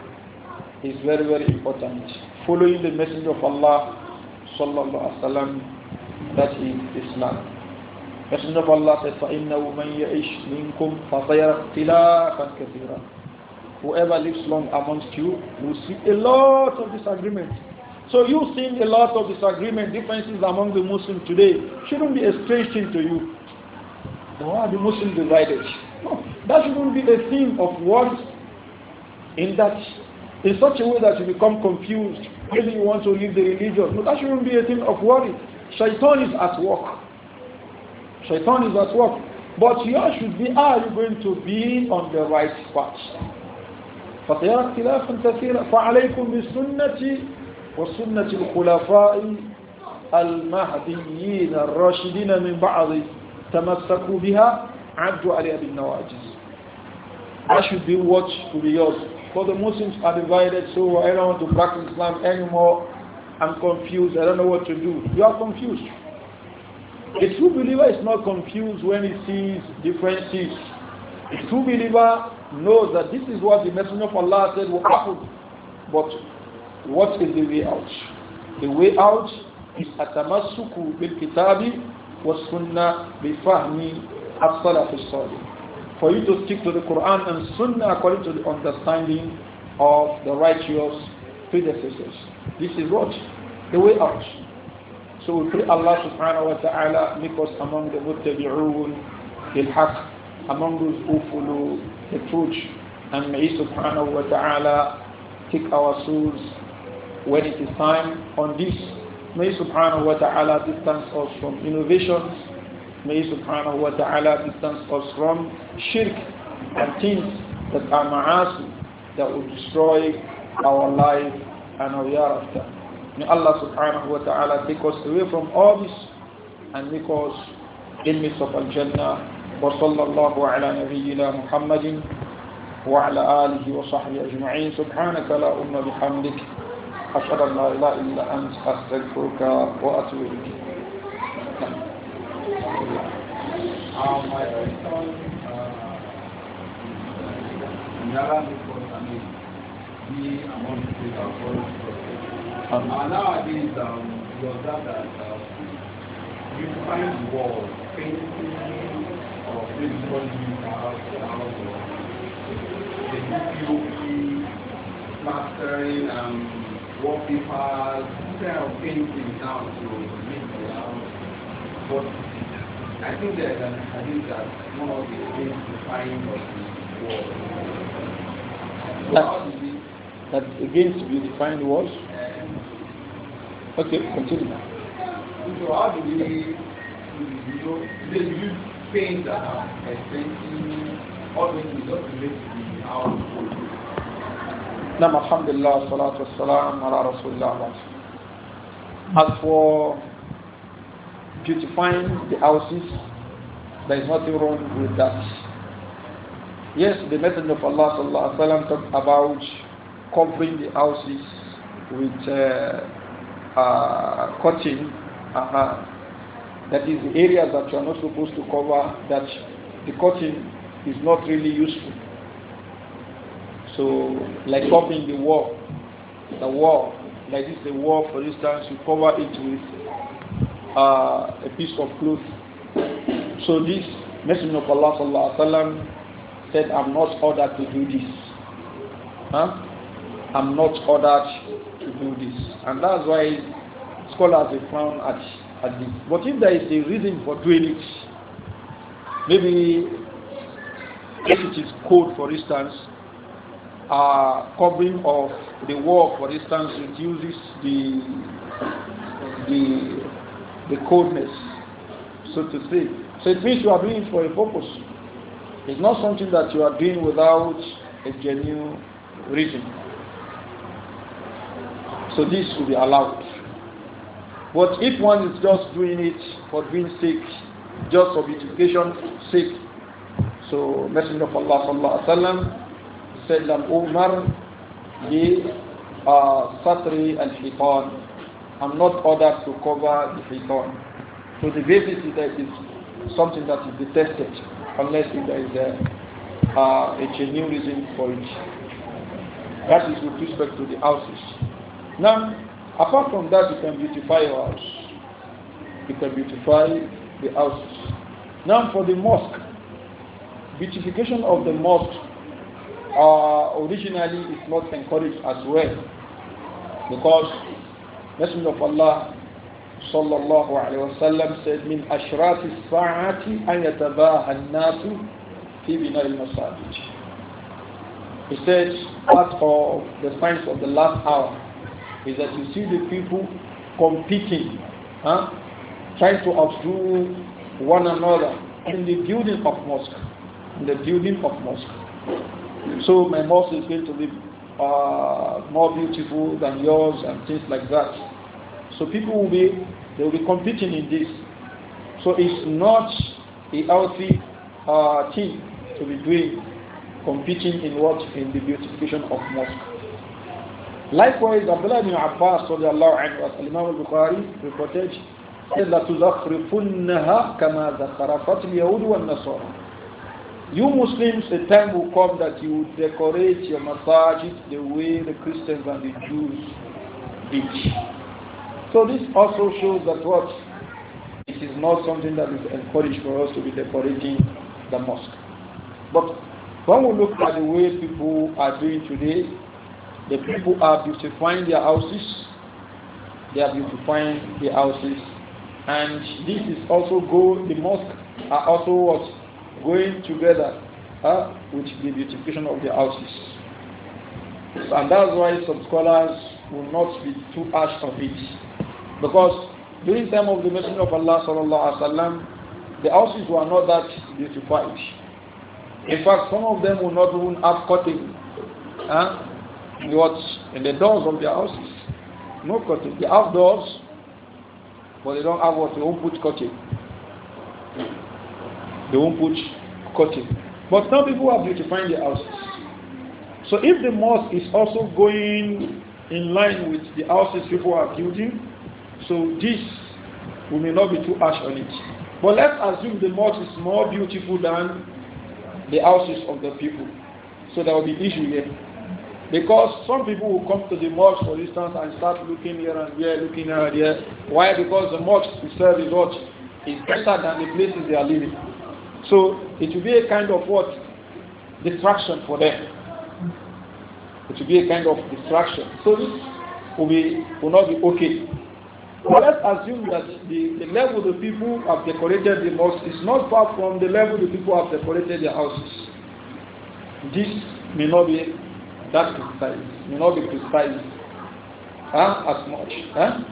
is very, very important. Following the message of Allah sallallahu alaihi wasallam that is Islam. Messenger of Allah فَإِنَّهُ مَنْ يَعِشْ مِنْكُمْ اخْتِلَافًا كَثِيرًا Whoever lives long amongst you will see a lot of disagreement. So you seeing a lot of disagreement, differences among the Muslims today shouldn't be a strange thing to you. Why are the Muslims divided? No, that shouldn't be a theme of words in that in such a way that you become confused. whether you want to leave the religion. No, that shouldn't be a thing of worry. Shaitan is at work. Shaitan is at work. But you should be, are you going to be on the right path? فترى اختلافا كثيرا فعليكم بسنتي وسنة الخلفاء المهديين الراشدين من بعض تمسكوا بها عدوا عليها بالنواجز That should be what to be yours. For the Muslims are divided, so I don't want to practice Islam anymore. I'm confused. I don't know what to do. You are confused. A true believer is not confused when he sees differences. A true believer knows that this is what the Messenger of Allah said will happen. But what is the way out? The way out is atamasuku bil kitabi wa sunnah bi fahmi as-salaf For you to stick to the Quran and sunnah according to the understanding of the righteous predecessors. This is what? The way out. So we pray Allah subhanahu wa ta'ala make us among the muttabi'un the haq, among those who follow the truth. And may subhanahu wa ta'ala take our souls when it is time on this. May subhanahu wa ta'ala distance us from innovations. May subhanahu wa ta'ala distance us from shirk and things that are ma'asu that will destroy our life and our after. May Allah subhanahu wa ta'ala take us away from all this and make us inmates of Al-Jannah. وصلى الله على نبينا محمد وعلى آله وصحبه أجمعين سبحانك لا أم بحمدك أشهد أن لا إله إلا أنت أستغفرك وأتوب إليك um, and nowadays, um, you observe that um, you find walls, painting, or maybe somebody new house, or they do plastering, um, wallpapers, kind of painting now to make the house. But I think that I think that one of the things to find was the wall. That, that against beautifying walls? Okay, continue. So how do we, you know, they paint that are expensive, all to the As for beautifying the houses, there is nothing wrong with that. Yes, the Messenger of Allah talked about covering the houses with uh, uh, uh that is the area that you are not supposed to cover, that the cutting is not really useful. So, like covering the wall, the wall, like this, the wall, for instance, you cover it with uh, a piece of cloth. So, this Messenger of Allah sallallahu alaihi wasallam said, I'm not ordered to do this. Huh? I'm not ordered to do this. And that's why scholars have frown at, at this. But if there is a reason for doing it, maybe if it is cold, for instance, uh, covering of the wall, for instance, reduces the the the coldness, so to say. So it means you are doing it for a purpose. It's not something that you are doing without a genuine reason. So this will be allowed. But if one is just doing it for doing sake, just for education sake, so Messenger of Allah sallallahu alaihi wasallam said that Umar li satri and hitan. I'm not ordered to cover the hitan. So the basis is that it's something that is detested unless there is a, uh, a genuine reason for it. That is with respect to the houses. Now, apart from that, you can beautify your house. You can beautify the house. Now, for the mosque, beautification of the mosque uh, originally is not encouraged as well because Messenger of Allah sallallahu alaihi wasallam said min ashrati sa'ati an yatabaha an-nasu fi bina al he said part of the signs of the last hour is that you see the people competing, huh? trying to outdo one another in the building of mosque. In the building of mosque. So my mosque is going to be uh, more beautiful than yours and things like that. So people will be they will be competing in this. So it's not a healthy uh, thing to be doing, competing in what in the beautification of mosque. Likewise, Abdullah ibn Abbas Imam al-Bukhari reported, لَتُزَخْرِفُنَّهَا كَمَا زَخَرَفَتِ الْيَهُودُ وَالنَّصَارَى You Muslims, a time will come that you will decorate your masajid the way the Christians and the Jews did. So this also shows that what? It is not something that is encouraged for us to be decorating the mosque. But when we look at the way people are doing today, the people are beautifying their houses. They are beautifying their houses. And this is also go the mosque are also what going together uh, with the beautification of the houses. And that's why some scholars will not be too harsh on it. Because during time of the Messenger of Allah sallallahu alaihi wasallam, the houses were not that beautified. In fact, some of them will not even have cotton. Huh? in what in the doors of their houses. No curtain. They have doors, but they don't have what they won't put curtain. They won't put curtain. But now people are beautifying their houses. So if the mosque is also going in line with the houses people are building, so this we may not be too harsh on it. But let's assume the mosque is more beautiful than the houses of the people. So there will be issue here. Because some people will come to the mosque, for instance, and start looking here and there, looking here and there. Why? Because the mosque itself is what is better than the places they are living. So it will be a kind of what distraction for them. It will be a kind of distraction. So this will be will not be okay. But let's assume that the, the level the people have decorated the mosque is not far from the level the people have decorated their houses. This may not be that's criticized. You not be criticized huh, as much. Huh?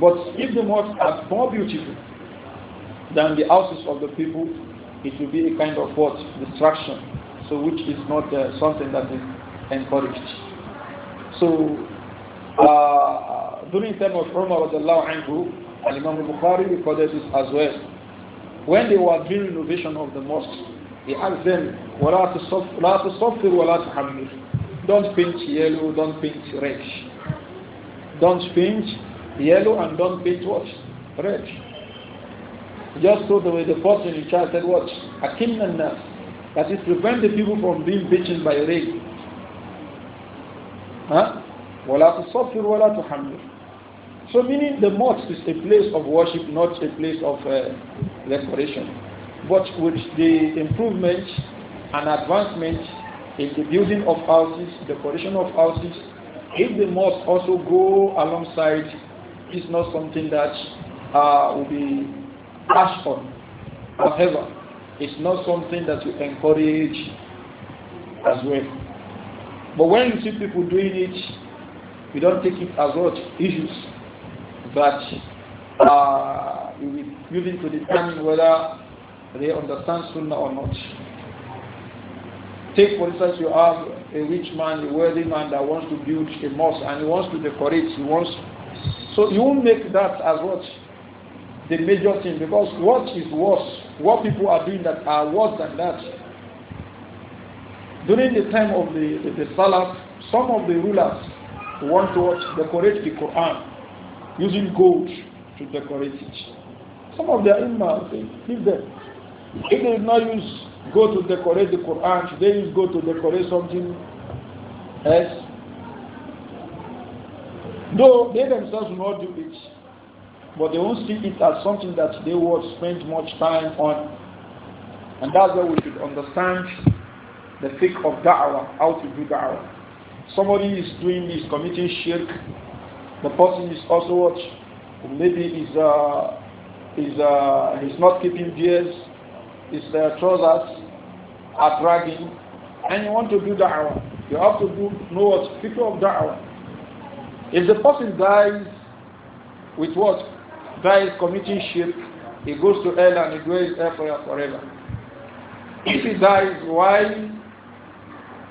But if the mosques are more beautiful than the houses of the people, it will be a kind of what? Distraction. So which is not uh, something that is encouraged. So uh, during time of Umar anhu, and Imam Bukhari recorded this as well. When they were doing renovation of the mosque, he asked them, وَلَا تُصَفِّرْ وَلَا تُحَمِّرْ don't paint yellow, don't paint red. Don't paint yellow and don't paint what? Red. Just so the way the person in charge said what? a nas. That is prevent the people from being bitten by rain. Huh? وَلَا تُصَفِّرْ وَلَا تُحَمِّرْ so meaning the mosque is a place of worship, not a place of uh, decoration. But with the improvement and advancement in the building of houses, decoration of houses. If they must also go alongside, it's not something that uh, will be passed on. However, it's not something that you encourage as well. But when you see people doing it, you don't take it as what issues that uh, you will be using to determine whether they understand Sunnah or not. Take, for instance, you have a rich man, a wealthy man that wants to build a mosque and he wants to decorate, he wants. So you won't make that as what the major thing because what is worse, what people are doing that are worse than that. During the time of the, the, the Salaf, some of the rulers want to decorate the Quran using gold to decorate it. Some of their imams, leave them. If they did not use go to decorate the Quran, should they use go to decorate something else? No, they themselves will not do it. But they won't see it as something that they would spend much time on. And that's where we should understand the thick of da'wah, how to do da'wah. Somebody is doing this, committing shirk. The person is also what? Maybe is uh, is uh, he's not keeping beers is their trousers are dragging, and you want to do da'wah. You have to do, know what people of da'wah. If the person dies with what? Dies committing shirk, he goes to hell and he dwells there forever. If he dies, why?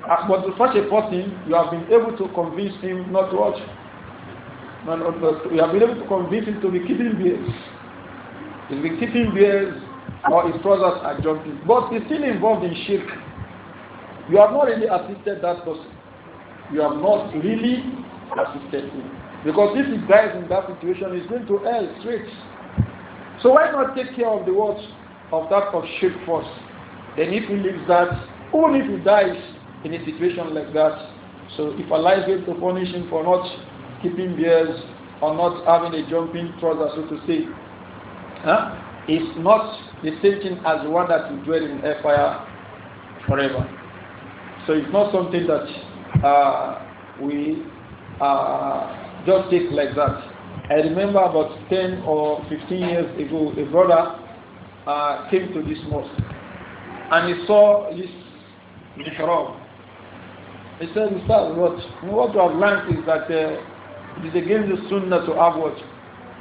Ah, but to such a person, you have been able to convince him not to watch. You have been able to convince him to be keeping beers. He's been keeping beers or his trousers are jumping, but he's still involved in shirk, you have not really assisted that person. You have not really assisted him. Because if he dies in that situation, he's going to hell straight. So why not take care of the words of that of shirk first? Then if he leaves that, even if he dies in a situation like that, so if Allah is going to punish him for not keeping bears or not having a jumping trouser, so to say, huh? is not the same thing as the one that will dwell in hellfire forever. So it's not something that uh, we uh, just take like that. I remember about 10 or 15 years ago, a brother uh, came to this mosque and he saw this mihrab. He said, Ustaz, what, what I've learned is that uh, it is against the sunnah to have what?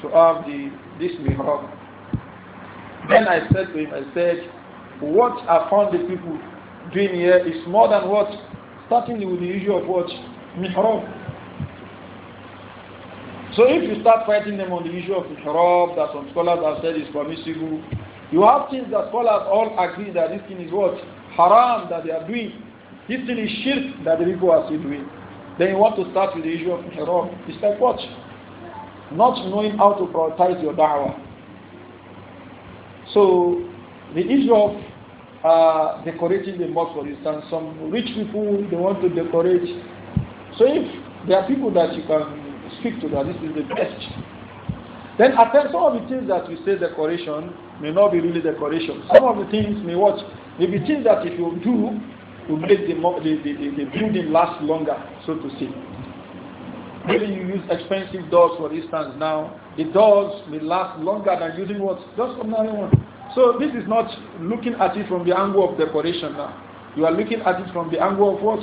To have the, this mihrab. Then I said to him, I said, what I found the people doing here is more than what, starting with the issue of what, mihrab. So if you start fighting them on the issue of mihrab, that some scholars have said is permissible, you have things that scholars all agree that this thing is what, haram that they are doing. This thing is shirk that the people are still doing. Then you want to start with the issue of mihrab. It's like what? Not knowing how to prioritize your da'wah. So the issue of uh, decorating the mosque, for instance, some rich people they want to decorate. So if there are people that you can speak to that this is the best, then at times some of the things that we say decoration may not be really decoration. Some of the things may what may be things that if you do to make the, the, the, the building last longer, so to say. Maybe you use expensive doors, for instance, now the doors may last longer than using what? Just ordinary one. So this is not looking at it from the angle of decoration now. You are looking at it from the angle of what?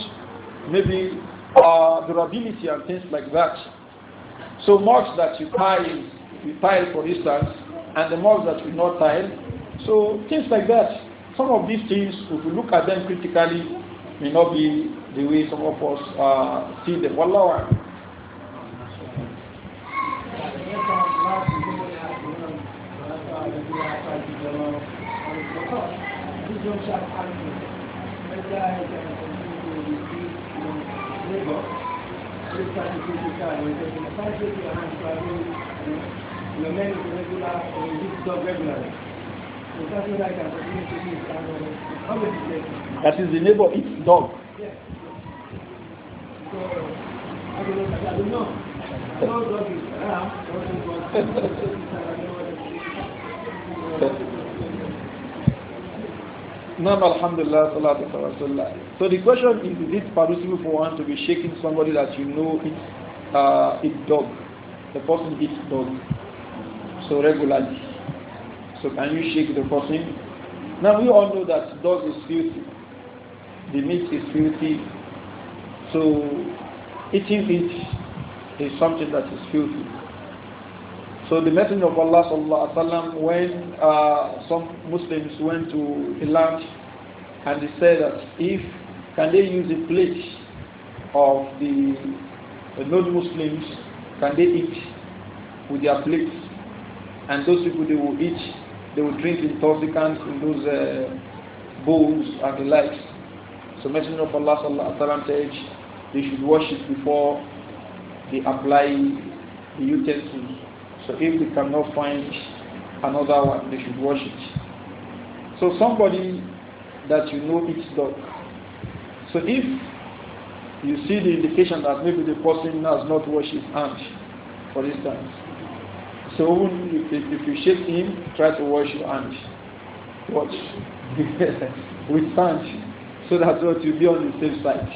Maybe uh, durability and things like that. So much that you tile, you tile for instance, and the much that you not tile. So things like that. Some of these things, if you look at them critically, may not be the way some of us uh, see them. Wallah. That is the neighbor eats dog. Yes. So, I don't know. I don't know. [LAUGHS] Nam alhamdulillah, salatu rasulullah. So the question is, is it permissible for one to be shaking somebody that you know it's, uh, dog? The person eats dog. So regularly. So can you shake the person? Now we all know that dog is filthy. The meat is filthy. So eating it is something that is filthy. So the Messenger of Allah sallallahu alaihi wasallam, when uh, some Muslims went to a and they said that if can they use the plate of the, non-Muslims, can they eat with their plates? And those people they will eat, they will drink in intoxicants in those uh, bowls and the likes. So Messenger of Allah sallallahu alaihi wasallam said they should wash it before they apply the utensils so if they cannot find another one, they should wash it. So somebody that you know eats dog. So if you see the indication that maybe the person has not washed his hands, for instance. So if, if you shake him, try to wash your hands. Watch. [LAUGHS] With sand. So that's what you'll be on the safe side.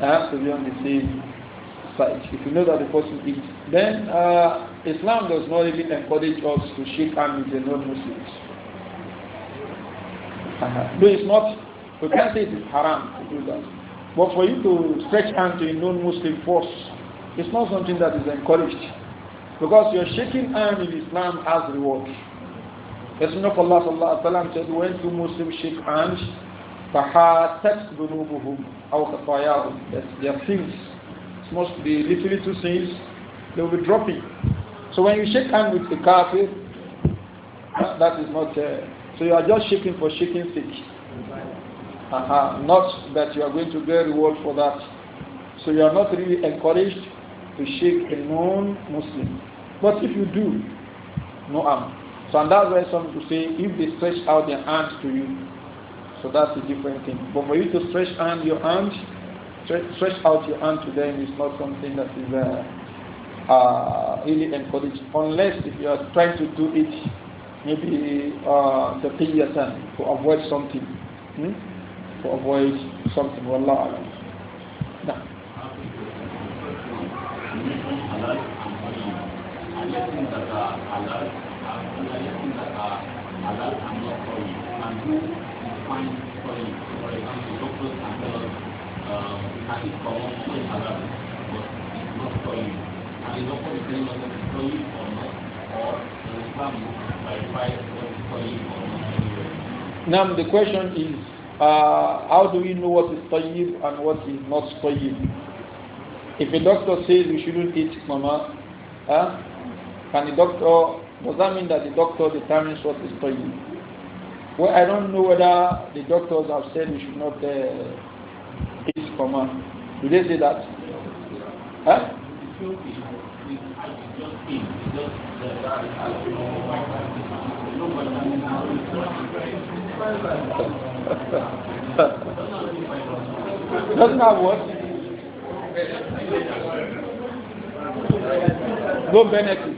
I have to be on the same if you know that the person is, then uh, Islam does not even encourage us to shake hands with the non-Muslims. Uh -huh. it's not. We can't say it's haram to do that. But for you to stretch hands to a non-Muslim force, it's not something that is encouraged. Because your shaking hand in Islam has reward. enough Allah sallallahu alayhi wa said, when two Muslims shake hands, فَحَاتَتْ ذُنُوبُهُمْ أَوْ خَطَايَاهُمْ Their sins most the little little sins, they will be dropping. So when you shake hands with the kafir, that is not. Uh, so you are just shaking for shaking sake. Uh -huh. Not that you are going to get reward for that. So you are not really encouraged to shake a non-Muslim. But if you do, no harm. So and that's why some people say if they stretch out their hands to you, so that's a different thing. But for you to stretch out your hands stretch out your hand to them is not something that is uh, uh, really encouraged, unless if you are trying to do it maybe uh, the previous time to avoid something, hmm? to avoid something. Wallah. No. Nah. Now the question is uh, how do we know what is tayyib and what is not tayyib? If a doctor says we shouldn't eat mama, huh? can the doctor, does that mean that the doctor determines what is tayyib? Well, I don't know whether the doctors have said we should not uh, is common. Do they say that? Huh? [LAUGHS] Doesn't have what? No benefit.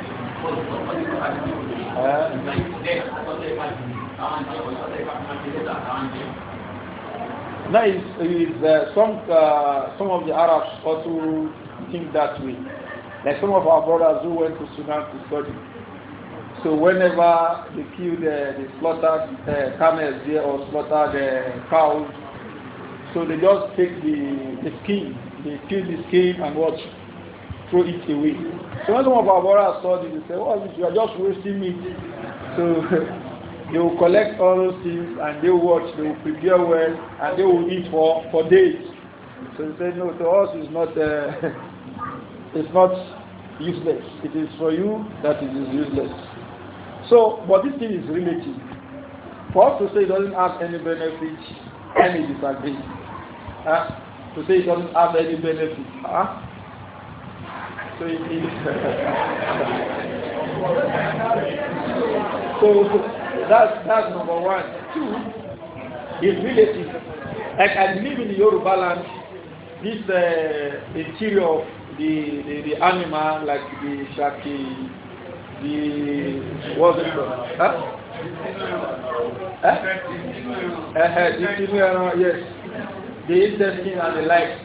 Now, is, is uh, some uh, some of the Arabs also think that way. Like some of our brothers who went to Sudan to study. So whenever they killed, uh, they slaughtered uh, camels there or slaughtered uh, cows, so they just take the, the skin, they kill the skin and watch throw it away. So when some of our brothers saw this, they said, "What You are just wasting meat." So [LAUGHS] they will collect all those things and they will watch, they will prepare well, and they will eat for for days. So they said, "No, to us it's not uh, [LAUGHS] it's not useless. It is for you that it is useless." So, but this thing is relative. For us to say it doesn't have any benefit, any disagree. Uh, to say it doesn't have any benefit. Uh, tó so that's that's number one two is relative like I believe in the Yoruba land this uh, interior of the, the the animal like the shaki the what's it called huh? Eh? Eh, the female, yes. The intestine and the like.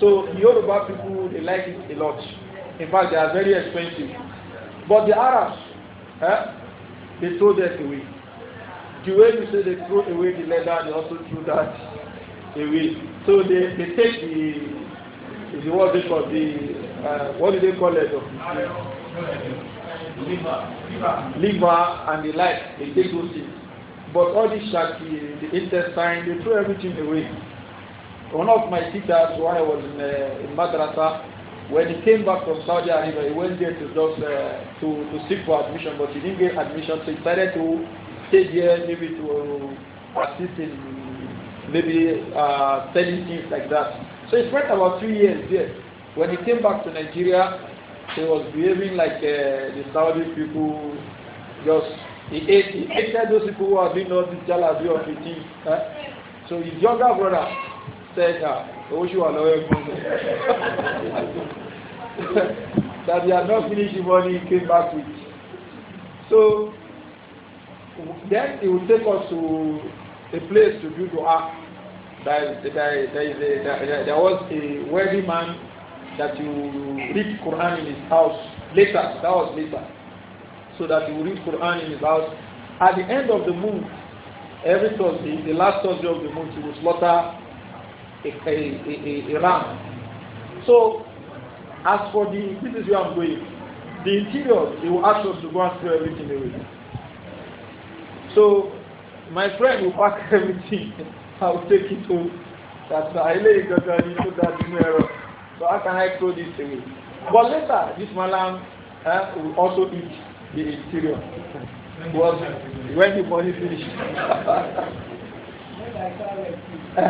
So Yoruba people, they like it a lot. In fact, they are very expensive. But the Arabs, eh, they throw that away. The way you say they throw away the leather, they also throw that away. So they, they take the, the what they call the, uh, what do they call it? Liver. Liver and the like, they take those things. But all the shaki, the intestine, they throw everything away. One of my teachers, when I was in, uh, in Madrasa, When he came back from Saudi Arabia, he went there to just uh, to, to seek for admission, but he didn't get admission, so he decided to stay here maybe to assist in maybe uh, selling things like that. So he spent about three years there. When he came back to Nigeria, he was behaving like uh, the Saudi people. Just he ate, he hated those people who are been all the jalabi of the thing. Eh? So his younger brother said, uh, owó ṣì wà lọ́wọ́ ẹ̀gbọ́n mi that they had not finished the money came back with so then he will take us to a place to do dua there there there there, there was a wealthy man that you read Quran in his house later that was later so that you read Quran in his house at the end of the month every Thursday the last Thursday of the month he will slaughter a, a, So, as for the, this is where I'm going. The interior, they will ask us to go and throw everything away. So, my friend will pack [LAUGHS] everything. I will take it home. That's why I lay it down so that you know. So how can I throw this away? But later, this malam uh, will also eat the interior. Was when the money finish. [LAUGHS] So [LAUGHS]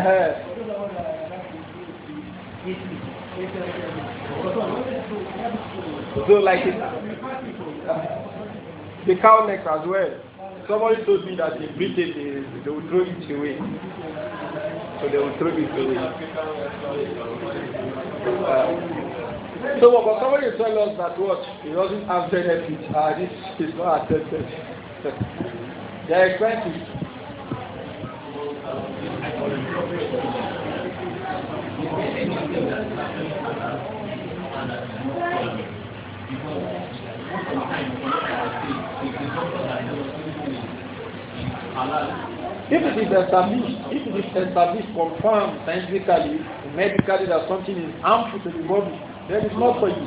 like it, uh, the cow neck as well. Somebody told me that they breed it, they, they will throw it away. So they will throw it away. Uh, so but somebody tell us that what it doesn't have benefits. Ah, uh, this is not accepted. [LAUGHS] they are expensive. If it is established, if it is established, confirmed scientifically, medically that something is harmful to the body, then it's not for you.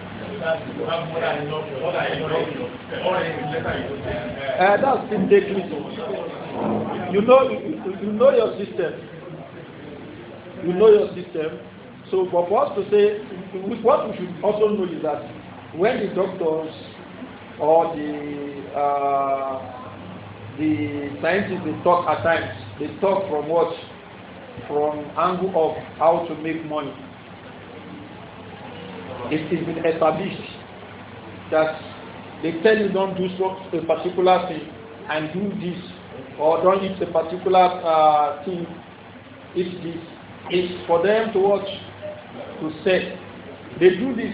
Uh, that's indicative. You know, you know your system. You know your system. So, for us to say, what we should also know is that when the doctors or the uh, the scientists they talk at times, they talk from what, from angle of how to make money. This is been established that they tell you don't do so, a particular thing and do this, or don't do a particular uh, thing, it's this. It's for them to watch, to say, they do this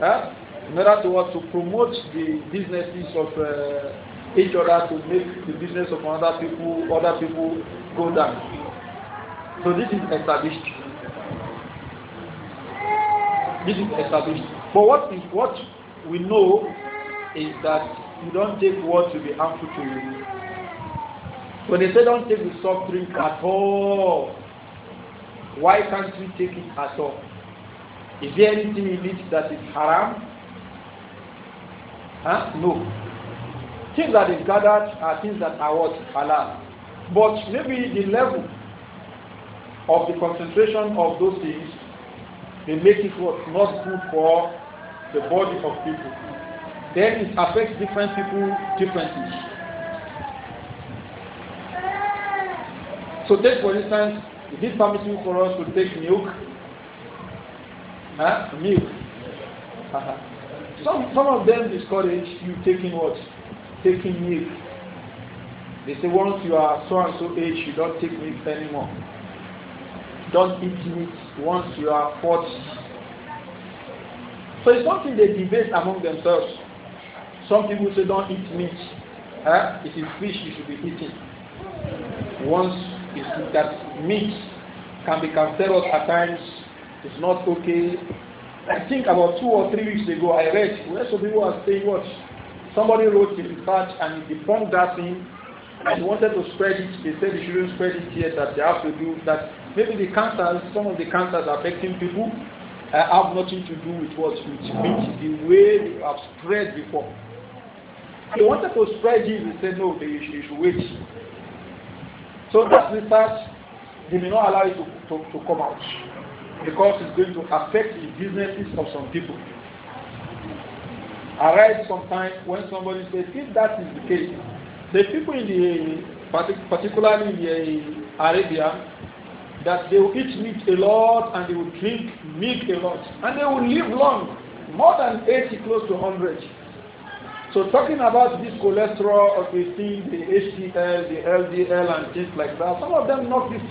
huh? in order to, what, to promote the businesses of uh, each other, to make the business of other people, other people go down. So this is established. This is established. But what is what we know is that you don't take what will be harmful to you. So they say don't take the soft drink at all. Why can't we take it at all? Is there anything in it that is haram? Huh? No. Things that is gathered are things that are what halal. But maybe the level of the concentration of those things They make it not good for the body of people. Then it affects different people differently. So take for instance, is it permissible for us to take milk? Huh? Milk. Uh-huh. Some some of them discourage you taking what? Taking milk. They say once you are so and so age, you don't take milk anymore. don't eat meat once you are forty. So it's something they debate among themselves. Some people say don't eat meat. Eh? It is fish you should be eating. Once it's that meat can be cancerous at times, it's not okay. I think about two or three weeks ago I read where some people are saying what somebody wrote in the research and he deformed that thing and wanted to spread it. They said they shouldn't spread it here. that they have to do that. Maybe the cancers, some of the cancers affecting people uh, have nothing to do with what with meat, the way they have spread before. They wanted to spread it, they said no, they should, they should wait. So that research, they may not allow it to, to, to come out because it's going to affect the businesses of some people. I read sometimes when somebody says, if that is the case, the people in the, particularly in the Arabia, that they will eat meat a lot and they will drink milk a lot. And they will live long, more than 80, close to 100. So talking about this cholesterol of the thing, the HDL, the LDL and things like that, some of them not this.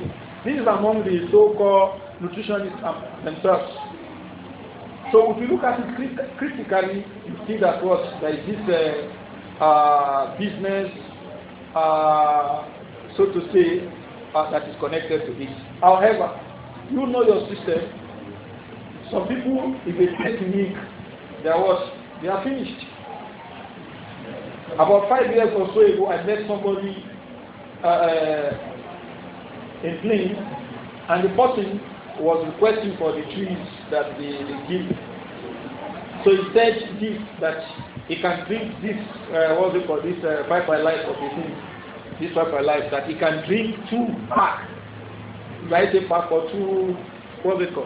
This is among the so-called nutritionists themselves. So if you look at it crit critically, you see that what there is this uh, uh, business Uh, so to say, uh, that is connected to this. However, you know your system. Some people, if they take milk, they are what? They are finished. About five years or so ago, I met somebody uh, uh in plane, and the person was requesting for the trees that they, they give. So he said this that he can drink this, uh, what do you call this, uh, by life of this thing, this five life, that he can drink two pack, right, a pack or two, what do you call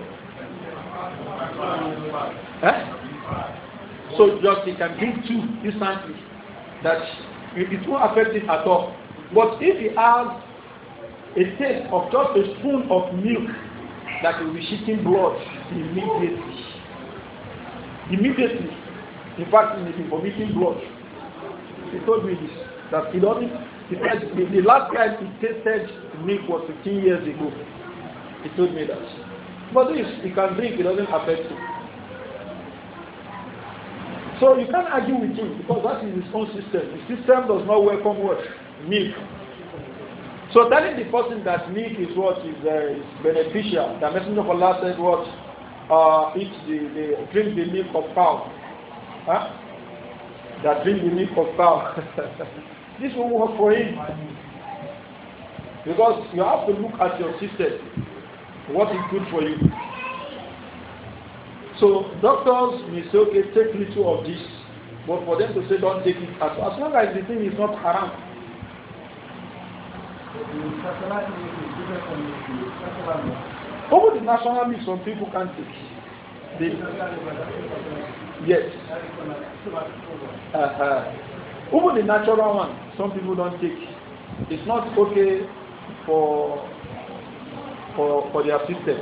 So just he can drink two instantly, that it won't affect it at all. But if he has a taste of just a spoon of milk, that will be shitting blood immediately. Immediately. In fact, he may be vomiting blood. He told me this, that he doesn't, he said, the, the last time he tasted milk was 15 years ago. He told me that. But this, he can drink, it doesn't affect him. So you can't argue with him because that is his own system. The system does not welcome what? Milk. So telling the person that milk is what is, uh, is beneficial, the Messenger of Allah said what? Uh, eat the, the, drink the milk of cow That drink the milk of cow. [LAUGHS] this will work for him. Because you have to look at your system. What is good for you? So doctors may say, okay, take little of this. But for them to say, don't take it as, as long as the thing is not haram. Over the national league, some people can't take yes. Uh-huh. Even the natural one, some people don't take. It's not okay for for for their system.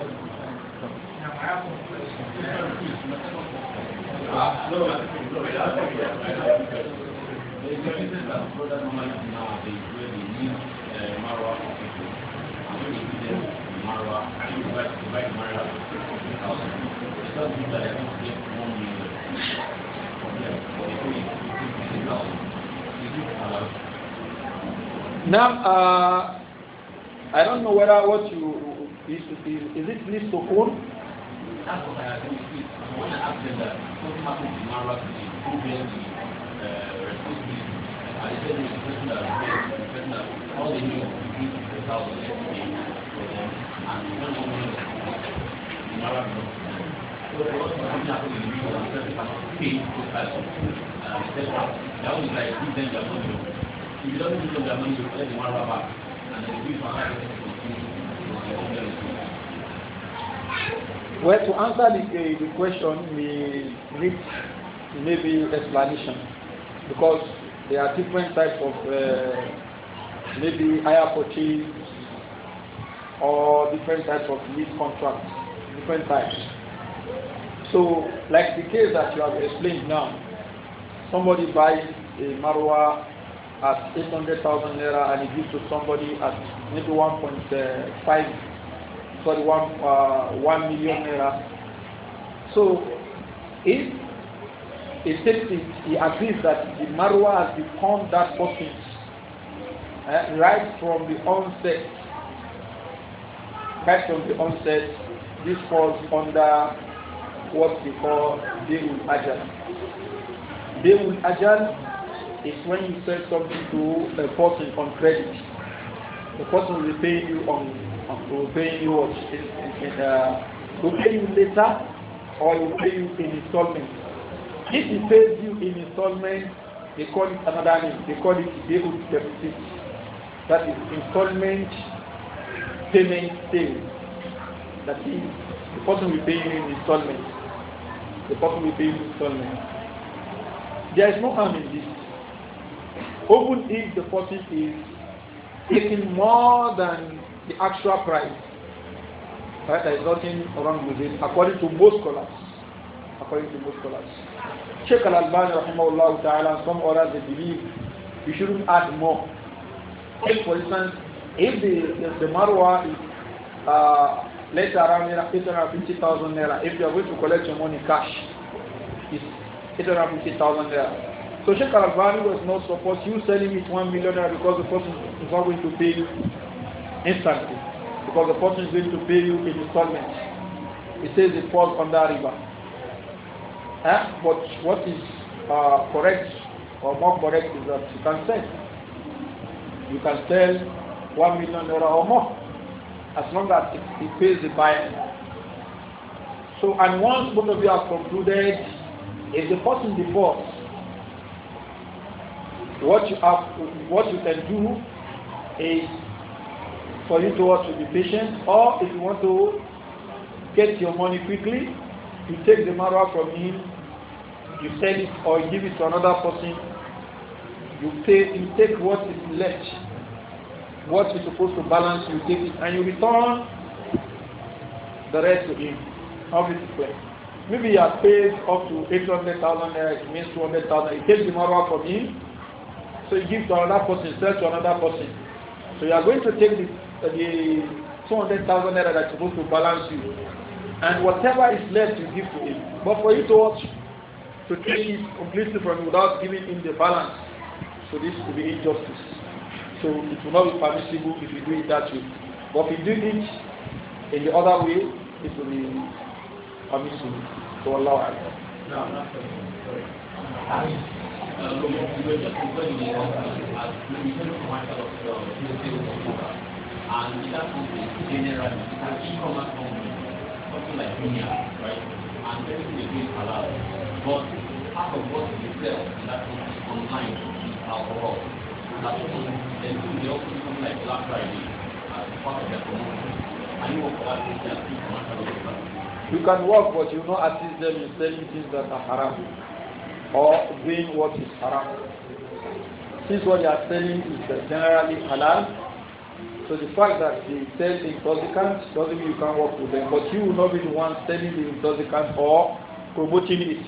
Uh, you Now, uh, I don't know whether what you is, is, is it this to That's what I them that happened to Mara to the uh, responsibility, uh, I said the person that all the uh, thousand Well, to answer the, the question, we need maybe explanation because there are different types of uh, maybe higher purchase or different types of lease contracts, different types. So, like the case that you have explained now, somebody buys a Marwa at 800,000 naira and it gives to somebody at maybe uh, 1.5, sorry, 1, uh, 1 million naira. So, if he takes he agrees that the Marwa has become that person eh, right from the onset right from the onset, this falls under what we call Deul Ajal. Deul Ajal is when you sell something to a person on credit. The person will pay you on, on will pay you what is in, uh, will pay you later or will pay you in installment. If he pays you in installment, they call it another name. They call it Deul Deficit. That is installment payment sale. That is, the person will pay you in installment. The person will pay you in installment. There is no harm in this. Even if the person is taking more than the actual price, right, there is nothing wrong with it, according to most scholars. According to most scholars. Sheikh Al-Albani, rahimahullah ta'ala, and some others, they believe you shouldn't add more. Take, for instance, if the, if the marwa is, uh, let's say around 850,000 naira, if you are going to collect your money cash, it's 850,000 naira. So Sheikh Al-Albani was not supposed you selling it 1 million naira because the person is not going to pay you instantly. Because the person is going to pay you in installment. It says it falls under river. Eh? But what is uh, correct or more correct is that you can sell. You can sell One million naira or more, as long as he pays the buyer. So, and once both of you have concluded, if the person divorce, what you have, what you can do is for you to what to be patient, or if you want to get your money quickly, you take the matter from him, you sell it or give it to another person, you pay, you take what is left what is supposed to balance, you take it and you return the rest to him. Obviously, maybe you are paid up to 800,000 naira, it means 200,000. You take the moral from him, so you give to another person, sell to another person. So you are going to take the, uh, the 200,000 naira that's supposed to balance you, and whatever is left, you give to him. But for you to watch, to take it completely from without giving him the balance, so this will be injustice. So it will not be permissible if you do it that way. But if you do it in the other way, it will be permissible. So Allah. No, no. And that would generally, it e-commerce company, something like Jumia, right? And everything is being allowed. But half of what you sell in that company online is alcohol. You can work, but you know assist them in selling things that are haram or doing what is haram. Since what they are selling is generally halal, so the fact that they sell intoxicants doesn't mean you can work with them, but you will not be the one selling the intoxicant or promoting it.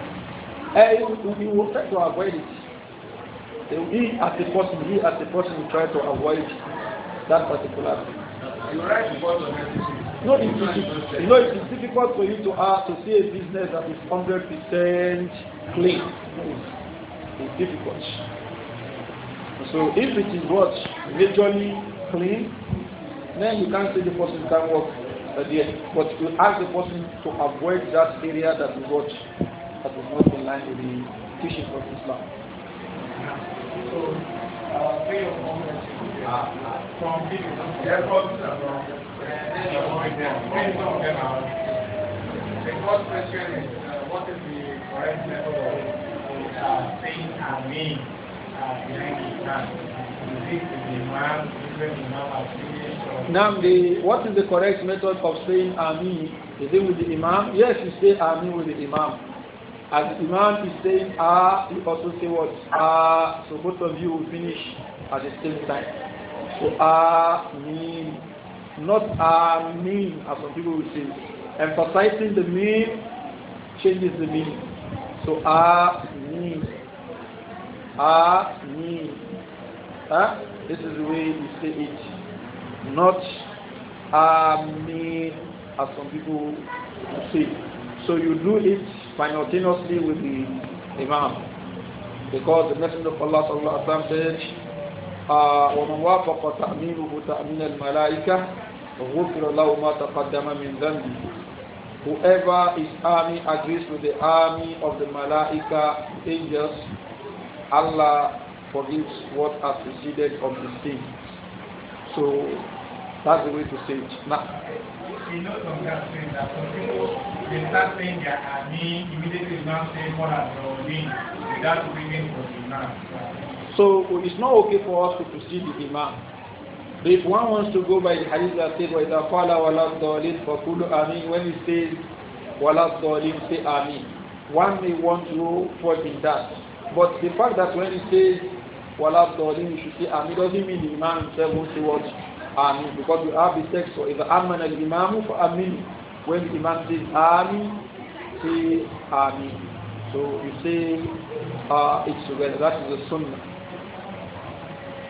Hey, will try to avoid it. We as a person, we as a person try to avoid that particular thing. No, it's, it's, you know, is difficult for you to ask uh, to see a business that is hundred percent clean. It's difficult. So if it is what majorly clean, then you can't say the person can work uh, there. But you ask the person to avoid that area that is what that is not in line with the teachings of Islam. So, from people, the first question is, uh, what is the correct of uh, saying uh, behind the Islam? Now, the, what is the correct method of saying Amin? Is it with the Imam? Yes, you say Amin with the Imam. As Imam is saying ah, he also say what ah. So both of you will finish at the same time. So ah mean, not ah mean as some people will say. Emphasizing the mean changes the meaning. So ah mean, ah mean. ah? This is the way you say it. Not ah mean as some people will say. So you do it simultaneously with the Imam. Because the Messenger of Allah sallallahu alaihi wasallam said, وَمَنْ وَافَقَ تَأْمِينُهُ Whoever is army agrees with the army of the Malaika, angels, Allah forgives what has preceded of the sin. So that's the way to say it. Now, a lot of gas trains that some people they start saying they are Amin immediately now say more than Rawlin without waiting for the Imam. So it's not okay for us to proceed with the Imam. But if one wants to go by the hadith that says, وَإِذَا قَالَ وَلَا الضَّالِينَ فَقُولُوا آمِينَ When he says, وَلَا الضَّالِينَ say Amin. One may want to fall in that. But the fact that when he says, وَلَا الضَّالِينَ you should say Amin doesn't mean the Imam himself won't say what Amin. Because you have the text for إذا آمن for amin, When the Imam says Amin, say Amin. So you say uh, it's together. That is the Sunnah.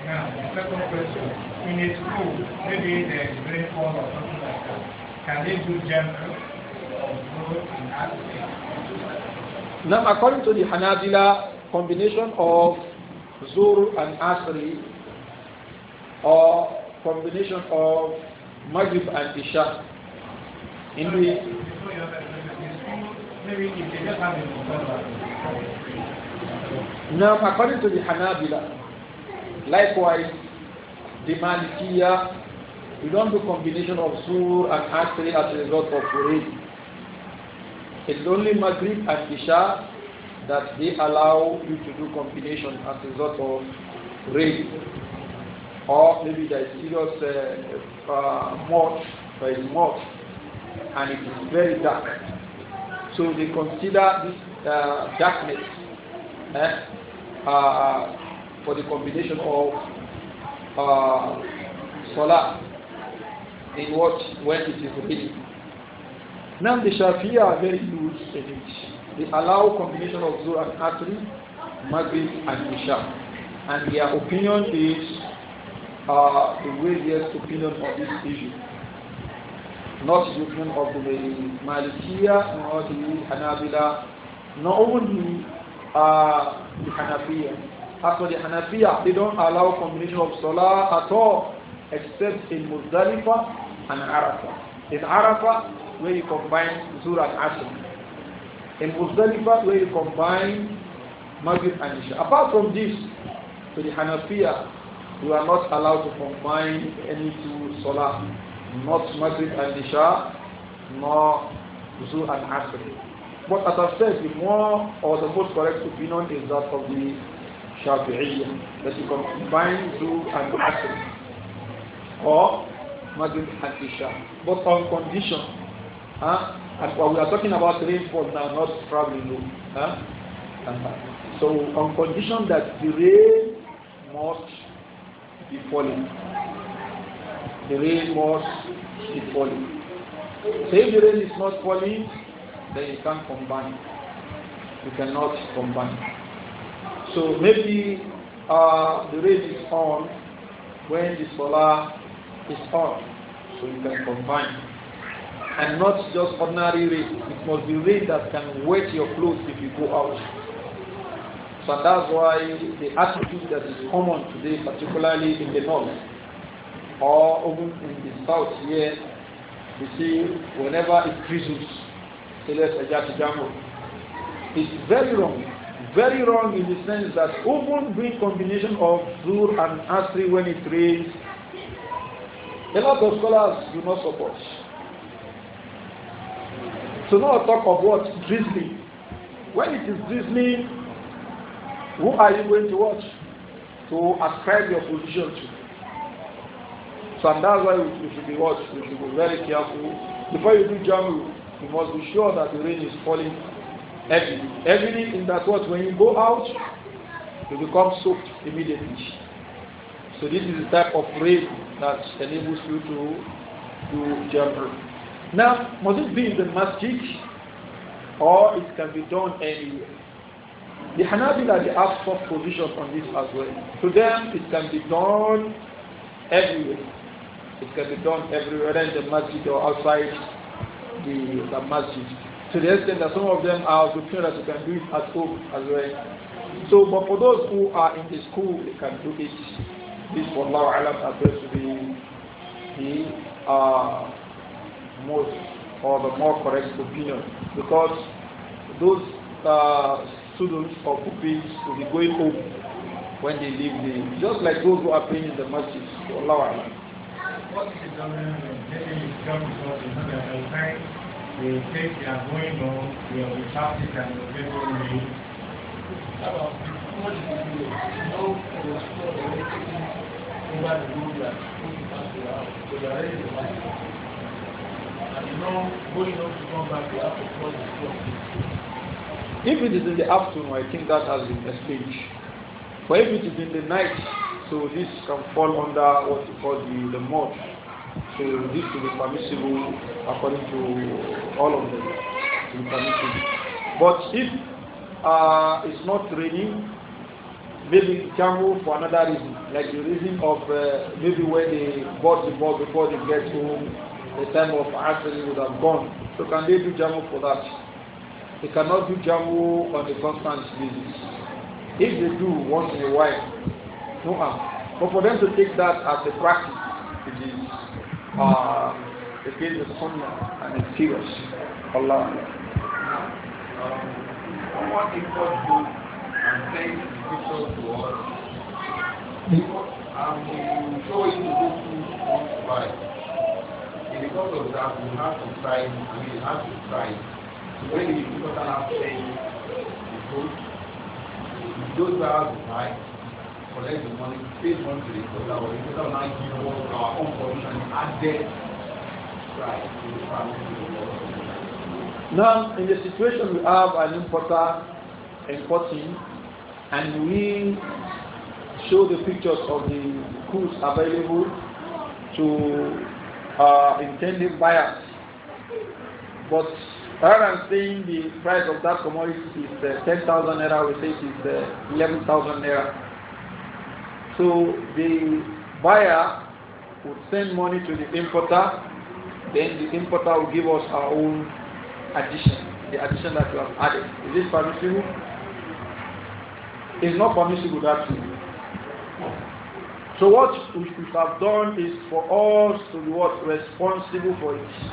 Now, second question. In a school, maybe there is rainfall or something like that. Can they do general or grow and Asri? Now, according to the Hanabila, combination of Zur and Asri or combination of Maghrib and Isha. In the now, according to the Hanabila, likewise, the Malikiya, we don't do combination of Sur and Asri as a result of Furid. It's only Maghrib and Isha that they allow you to do combination as a result of rain or maybe there is serious uh, uh, mud, there is mud, and it is very dark. So they consider this uh, darkness eh, uh, for the combination of uh, solar in what when it is raining. Now the Shafi'i are very loose in it. They allow combination of Zohar and Atri, Maghrib and Isha. And their opinion is uh, the weightiest opinion on this issue. Not the opinion of the Malikiya, nor the Hanabila, nor even the, uh, the Hanafiya. As for the Hanafiya, they don't allow combination of Salah at all, except in Muzdalifa and Arafah. In Arafah, where you combine Zuhr and Asr. In Muzdalifa, where you combine Maghrib and Isha. Apart from this, to the Hanafiya, we are not allowed to combine any two salah, not Maghrib and Isha, nor Zuhr and Asr. But as I've said, the more or the most correct opinion is that of the Shafi'iyya, that you combine Zuhr and Asr, or Maghrib and Isha, but on condition. Huh? And what we are talking about rainfall now, not traveling room. -huh. So on condition that the rain must falling. The rain must be falling. So if the rain is not falling, then you can't combine. You cannot combine. So maybe uh, the rain is on when the solar is on. So you can combine. And not just ordinary rain. It must be rain that can wet your clothes if you go out. So that's why the attitude that is common today, particularly in the north or even in the south here, you see, whenever it freezes, say let's adjust jambo. It's very wrong. Very wrong in the sense that even breed combination of zur and asri when it rains, a lot of scholars do not support. So now I talk of what? Drizzling. When it is drizzling, who are you going to watch? To ascribe your position to. So and that's why you should be watched. You should be very careful. Before you do jamu, you must be sure that the rain is falling heavily. Heavily in that what when you go out, you become soaked immediately. So this is the type of rain that enables you to do jamu. Now, must it be in the masjid or it can be done anywhere? The Hanabila, they have soft positions on this as well. To them, it can be done everywhere. It can be done everywhere in the masjid or outside the, the masjid. To the extent that some of them are of that you can do it at home as well. So, but for those who are in the school, they can do it. This, Allah Alam, appears to be the uh, most or the more correct opinion because those uh, students or pupils to be going home when they leave the just like those who are praying in the masjid. So Allah What is the government getting the job because they time they take they are going home, they will be and they will get home late. What is the deal? How can the school already taking over that they are to pass the house. And you know, going home to come back, you have to cross the school. If it is in the afternoon, I think that has been explained. But if it is in the night, so this can fall under what you call the, the mod. So this will be permissible according to all of them. But if uh, it's not raining, maybe it can for another reason, like the reason of uh, maybe when they bought the ball before they get home, the time of answering would have gone. So can they do jamu for that? They cannot do jamu on a constant basis. If they do once in a while, no harm. But for them to take that as a practice, it is uh, against the sunnah and it's serious. Allah. Um, someone imports food and sends the picture to us. And we show it to those who want to buy. In of that, we have to try. we have to try when the reporter now say the truth, those who are right collect the money, pay the money to the reporter, or the reporter now give us our own commission added price to the family. Now, in the situation we have an importer importing, and we show the pictures of the goods available to uh, intended buyers, but Rather than saying the price of that commodity is uh, 10,000 naira, we say it is uh, 11,000 naira. So the buyer would send money to the importer, then the importer will give us our own addition, the addition that we have added. Is this permissible? It's not permissible that So what we should have done is for us to be what responsible for it.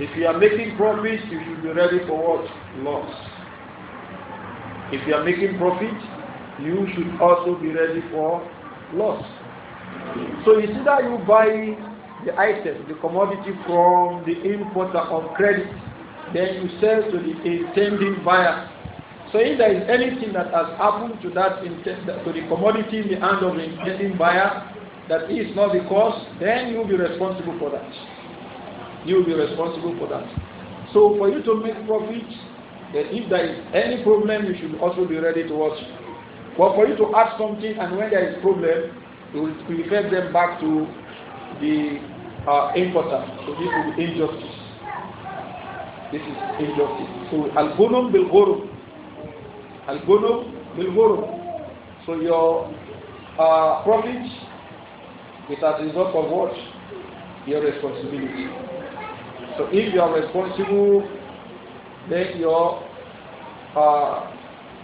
If you are making profit, you should be ready for what? Loss. If you are making profit, you should also be ready for loss. So you see that you buy the item, the commodity from the importer on credit, then you sell to the intending buyer. So if there is anything that has happened to that to the commodity in the hand of the intending buyer that is not the cause, then you will be responsible for that you will be responsible for that. So for you to make profit, then if there is any problem, you should also be ready to watch. But for you to ask something and when there is problem, you will refer them back to the uh, importer. So this is injustice. This is injustice. So al-gunum bil-ghurub. Al-gunum bil So your uh, profit is a result of what? Your responsibility. So if you are responsible, then your uh,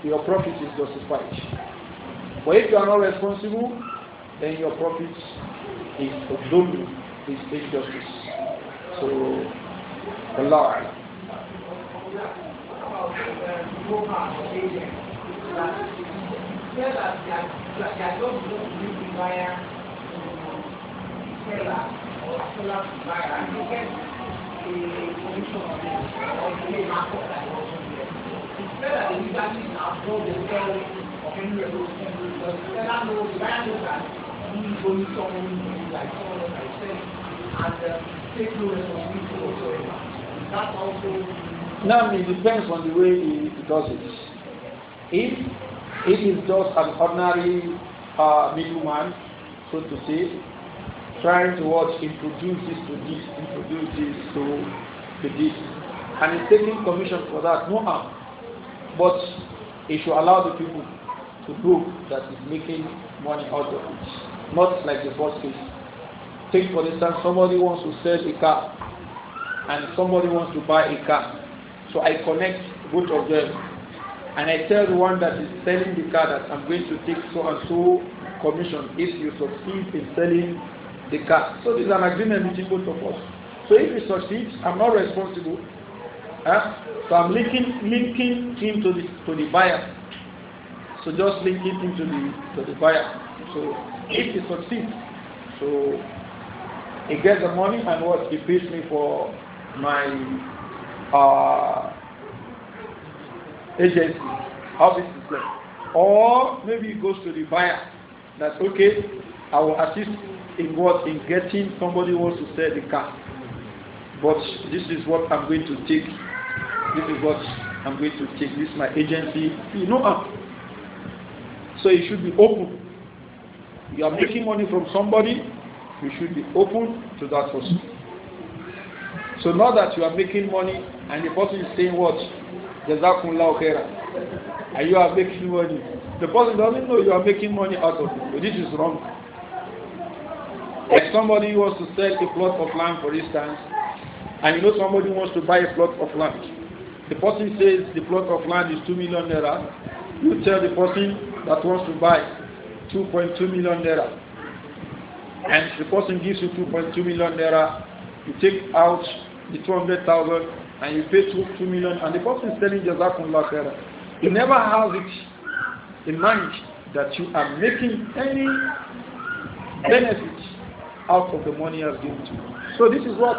your profit is justified. But if you are not responsible, then your profit is This is injustice. So the Lord. Now it depends on the way he does it. If it is just an ordinary uh, middleman, so to say, trying to watch, introduce this to this, introduce this to, to this. And he's taking commission for that, no harm. But it should allow the people to prove that he's making money out of it. Not like the first case. Take for instance, somebody wants to sell a car and somebody wants to buy a car. So I connect both of them and I tell the one that is selling the car that I'm going to take so and so commission if you succeed in selling the car. So this is an agreement between both of us. So if he succeeds, I'm not responsible. Huh? So I'm linking, linking him to the, to the buyer. So just linking him to the, to the buyer. So if he succeeds, so he gets the money and what he pays me for my uh, agency, office Or maybe he goes to the buyer. That's okay. I will assist in what in getting somebody wants to sell the car. But this is what I'm going to take. This is what I'm going to take. This is my agency. You know I'm. So it should be open. You are making money from somebody, you should be open to that person. So now that you are making money and the person is saying what? Jazakumullah okera, And you are making money. The person doesn't know you are making money out of it. This is wrong. If somebody wants to sell a plot of land, for instance, and you know somebody wants to buy a plot of land, the person says the plot of land is 2 million naira, you tell the person that wants to buy 2.2 million naira, and the person gives you 2.2 million naira, you take out the 200,000 and you pay 2, 2 million, and the person is selling Jazakumullah khairah. You never have it in mind that you are making any benefit out of the money I've given to you. So this is what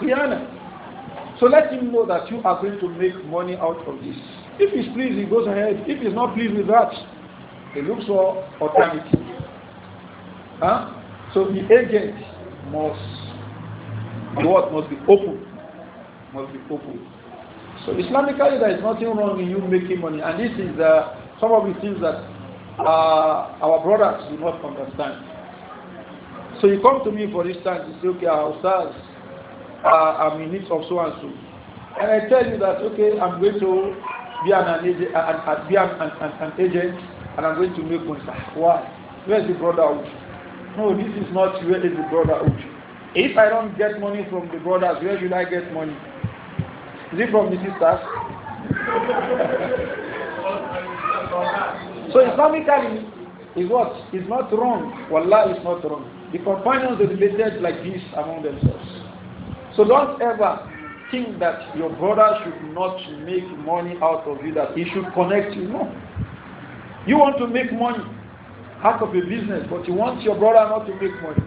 Rihanna. So let him know that you are going to make money out of this. If he's pleased, he goes ahead. If he's not pleased with that, he looks for alternative. Huh? So the agent must the what must be open. Must be open. So Islamically there is nothing wrong in you making money. And this is uh, some of the things that uh, our brothers do not understand. So you come to me, for instance, you say, okay, ah, Ustaz, uh, I'm in need of so and so. And I tell you that, okay, I'm going to be an, an, agent, an, an, an, an, an agent and I'm going to make money. Ah, why? Where's the brotherhood? No, this is not where is the brotherhood. If I don't get money from the brothers, where should I get money? Is it from the sisters? [LAUGHS] so Islamically, is what is not wrong. Wallah is not wrong. The companions related like this among themselves. So don't ever think that your brother should not make money out of you, that he should connect you. No. You want to make money out of a business, but you want your brother not to make money.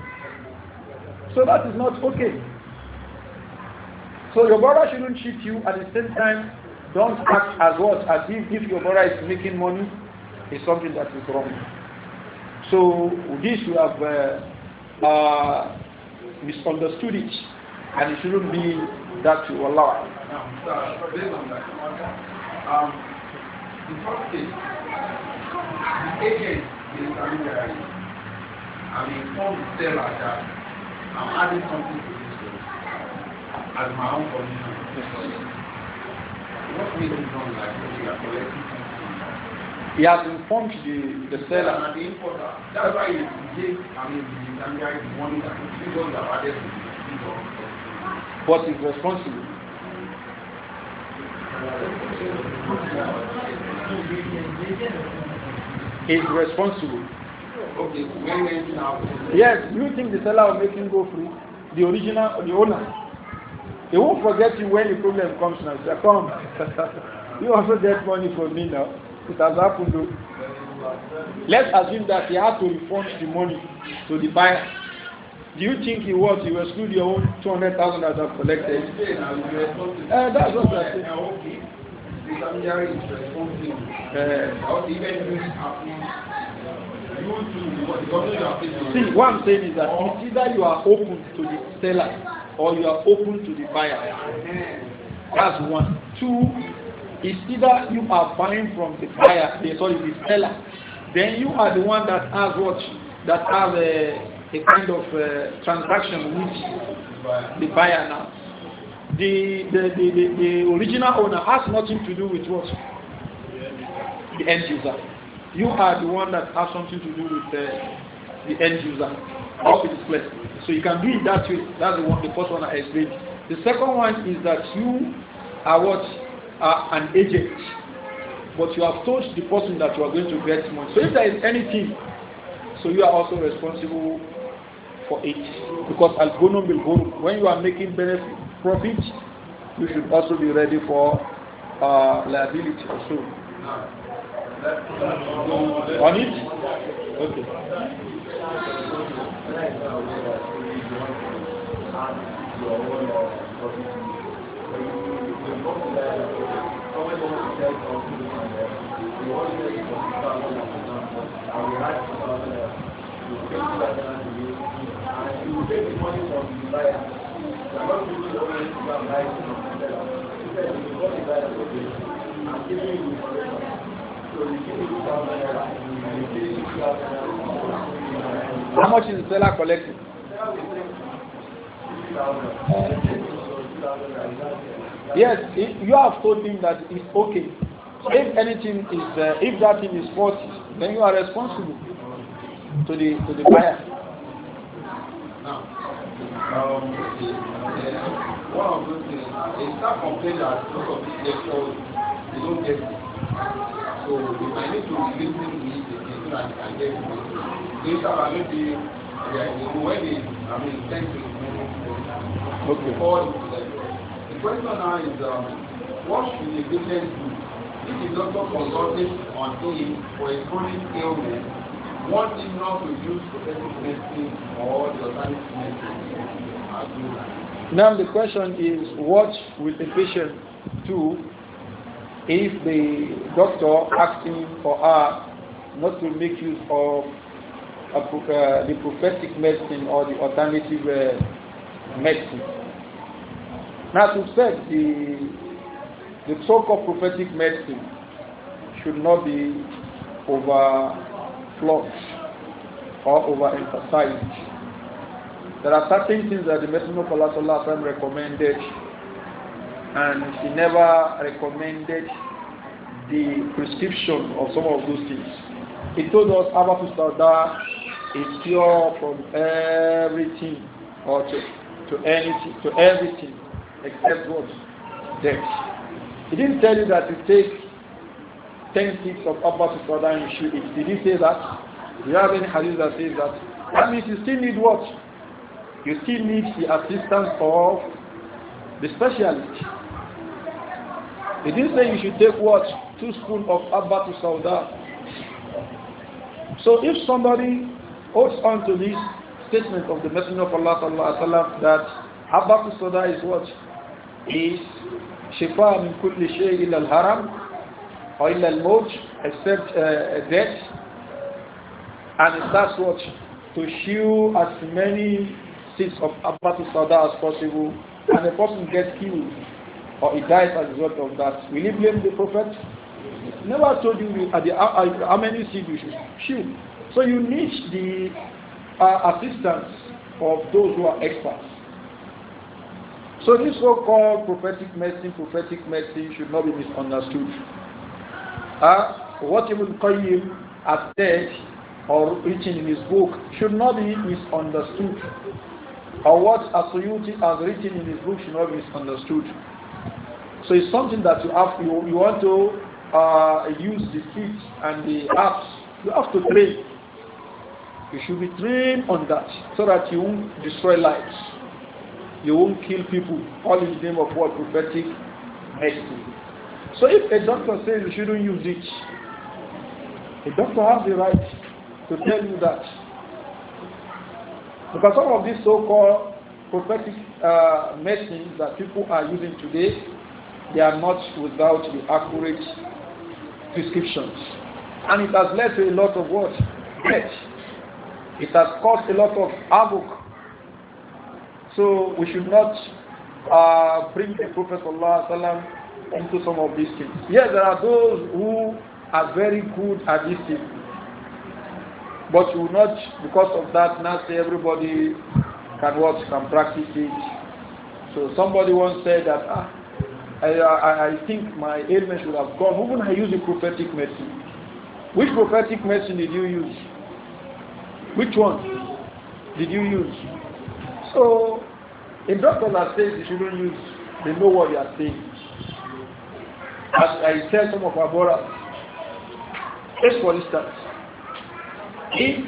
So that is not okay. So your brother shouldn't cheat you. At the same time, don't act as what? As if, if your brother is making money, is something that is wrong. So this you have uh, uh, misunderstood it, and it shouldn't be that you allow. Now, uh, based on that, um, the first case, the agent is intermediary. I mean, inform the seller that I'm adding something to this deal as my own condition. What makes it sound like we are collecting he has informed the, the seller. And the importer. That's why he gave, the responsible. He's responsible. Okay, when Yes, you think the seller will make him go free? The original, the owner. He won't forget you when the problem comes now. come, [LAUGHS] you also get money from me now. It has happened though. Let's assume that he had to refund the money to the buyer. Do you think he was? You exclude your own 200,000 that you have collected. Uh, that's what I say. Uh, see, what I'm saying is that it's either you are open to the seller or you are open to the buyer. That's one. Two, Is either you are buying from the buyer, sorry, the seller, then you are the one that has what, that has a, a kind of uh, transaction with the buyer now. The, the, the, the, the original owner has nothing to do with what? The end user. You are the one that has something to do with the uh, the end user of the display. So you can do it that way. That's the, one, the first one I explained. The second one is that you are what? are an agent, but you have told the person that you are going to get money. So if there is anything, so you are also responsible for it. Because al gunum bil when you are making benefit, profit, you should also be ready for uh, liability also. On it? Okay. Right. How much is the seller collecting? Yes, if you have told him that it's okay. if anything is, uh, if that thing is faulty, then you are responsible to the to the buyer. Now, um, uh, one of those things, they start complaining that because of this lecture, they don't get it. So they might need to listen to it again so that can get it. Later, maybe yeah, when they, I mean, thank you. Okay. Before, question now is um, what should the patient do if the doctor consulted on him for a chronic ailment, want not to use protective medicine or the alternative medicine Now the question is what will the patient do if the doctor asks him for her not to make use of a, uh, the prophetic medicine or the alternative uh, medicine? Now, to said the, the talk of prophetic medicine should not be overflowed or overemphasized. There are certain things that the Messenger of Allah recommended, and he never recommended the prescription of some of those things. He told us Abba Fustada is pure from everything or to, to anything to everything except what? Debt. He didn't tell you that you take 10 sticks of upper soda and you shoot it. Did he say that? Do you have any hadith that says that? That means you still need what? You still need the assistance of the specialist. He didn't say you should take what? Two spoons of abba to So if somebody holds on to this statement of the Messenger of Allah sallallahu that abba to is what? is shifa min kulli shay illa al-haram or illa al-mawj except uh, death and it starts what to shew as many seats of Abbatul Sada as possible and the person gets killed or he dies as a result of that. Will he blame the Prophet? Never told you at the, how many seats you should shew. So you need the uh, assistance of those who are experts. So this so-called prophetic medicine, prophetic medicine should not be misunderstood. Uh, what Ibn Qayyim has said or written in his book should not be misunderstood. Or what Asuyuti has written in his book should not be misunderstood. So it's something that you have you, you want to uh, use the feet and the apps. You have to train. You should be trained on that so that you won't destroy lives you won't kill people, all in the name of what prophetic medicine. So if a doctor says you shouldn't use it, the doctor has the right to tell you that. Because some of these so-called prophetic uh, medicines that people are using today, they are not without the accurate prescriptions. And it has led to a lot of what? It has caused a lot of havoc so we should not uh, bring the Prophet ﷺ into some of these things. Yes, there are those who are very good at this thing, But you will not, because of that, not say everybody can watch, can practice it. So somebody once said that, ah, I, I, I think my ailment should have gone. Who would I use the prophetic medicine? Which prophetic medicine did you use? Which one did you use? So, in doctor says you shouldn't use, they know what you are saying. As I tell some of our brothers, just for instance, if